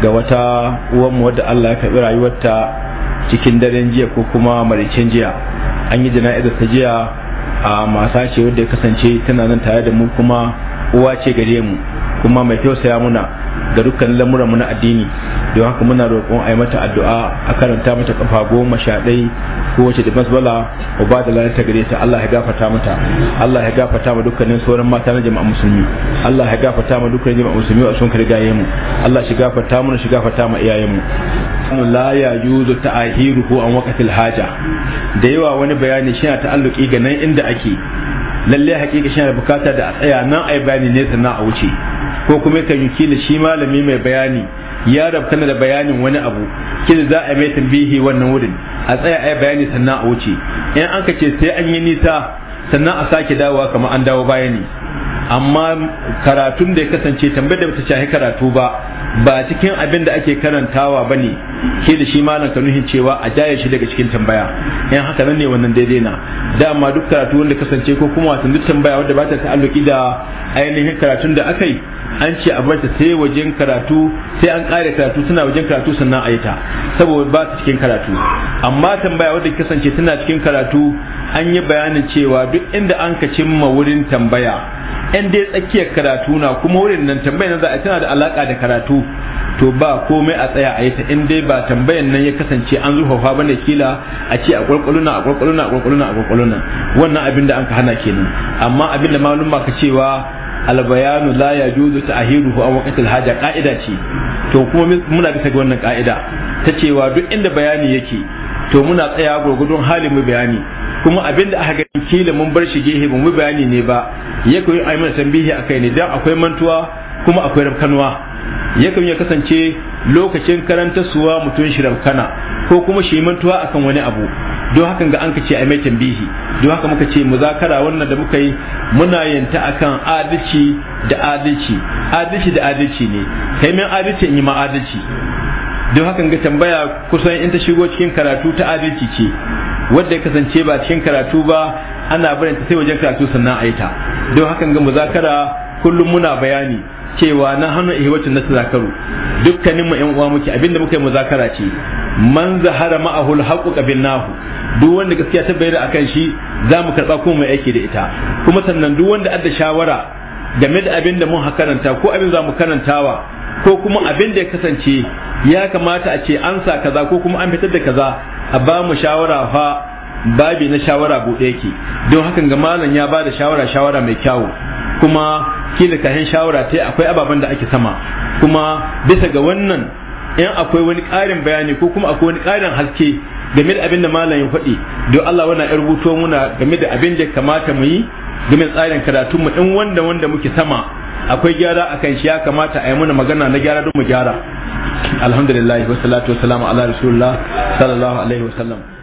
ga wata uwanmu wadda Allah ya karɓi rayuwarta cikin daren jiya ko kuma maricin jiya an yi jana'izar ta jiya a masa ce wadda ya kasance tana nan tare da mu kuma uwa ce gare mu kuma mai tausaya muna da dukkan lamuran muna addini don haka muna roƙon a yi mata addu'a a karanta mata kafa goma sha ɗai kowace da masbala uba da lalata gare ta Allah ya gafarta mata Allah ya gafarta ma dukkanin sauran mata na jama'a musulmi Allah ya gafarta ma dukkanin jama'a musulmi a sun kargaye mu Allah shi gafarta mu shi gafarta ma iyayen mu la ya yuzu ta'ahiruhu an waqtil haja da yawa wani bayani shi na ta'alluki ga nan inda ake lalle hakika shi da bukata da a tsaya nan ai bayani ne sannan a wuce ko kuma kan yi kila shi malami mai bayani ya rabtana da bayanin wani abu kila za a mai tambihi wannan wurin a tsaya ai bayani sannan a wuce in an ka ce sai an yi nisa sannan a sake dawowa kamar an dawo bayani amma karatun da ya kasance tambayar da bata shahi karatu ba ba cikin abin da ake karantawa ba ne ke da shi malam ka nuhin cewa a jaye shi daga cikin tambaya yan haka nan ne wannan daidai na dama duk karatu wanda kasance ko kuma wasan duk tambaya wadda ba ta ta'alluki da ainihin karatun da aka yi an ce a barta sai wajen karatu sai an kare karatu suna wajen karatu sannan a yi ta saboda ba ta cikin karatu amma tambaya wadda kasance tana cikin karatu an yi bayanin cewa duk inda an ka cimma wurin tambaya in dai tsakiyar karatu na kuma wurin nan tambayar nan za a tana da alaka da karatu to ba komai a tsaya a yi ta in dai ba tambayar nan ya kasance an zurfafa bane kila a ce a kwalkwaluna a kwalkwaluna a kwalkwaluna a kwalkwaluna wannan abin da an ka hana kenan amma abin da malum ka cewa albayanu la yajuzu ta'hiruhu a waqtil haja ka'ida ce to kuma muna bisa ga wannan ka'ida ta cewa duk inda bayani yake to muna tsaya gurgudun halin mu bayani kuma abin da aka gani kila mun bar shi gehe ba mu bayani ne ba ya koyi ayi mana tambihi akai ne dan akwai mantuwa kuma akwai rafkanuwa yakan ya kasance lokacin karanta suwa mutum shirar kana. ko kuma shi akan wani abu don hakan ga an ka ce a mai tambihi don haka muka ce muzakara wannan da muka yi muna yanta akan adalci da adalci adalci da adalci ne kai min adalci in yi ma adalci don hakan ga tambaya kusan in ta shigo cikin karatu ta adalci ce wadda ya kasance ba cikin karatu ba ana barin ta sai wajen karatu sannan aita don hakan ga muzakara kullum muna bayani cewa na hannu ihwatun na tazakaru dukkanin mu yan uwa muke abinda muka yi muzakara ce man zahara ma'ahu alhaqu nahu duk wanda gaskiya ta bayyana akan shi za mu karba kuma mai aiki da ita kuma sannan duk wanda adda shawara game da abinda mun mun karanta ko abin za mu karantawa ko kuma abin ya kasance ya kamata a ce an sa kaza ko kuma an fitar da kaza a ba mu shawara fa babi na shawara buɗe yake don hakan ga malam ya ba da shawara shawara mai kyawu kuma kila kayan shawara ta akwai ababen da ake sama kuma bisa ga wannan in akwai wani ƙarin bayani ko kuma akwai wani ƙarin haske game da abin da malam ya faɗi don Allah wana ya rubuto muna game da abin da kamata mu yi game da tsarin karatun mu in wanda wanda muke sama akwai gyara akan shi ya kamata a yi muna magana na gyara don mu gyara alhamdulillah wa salatu wa salamu ala rasulullah sallallahu alaihi wa sallam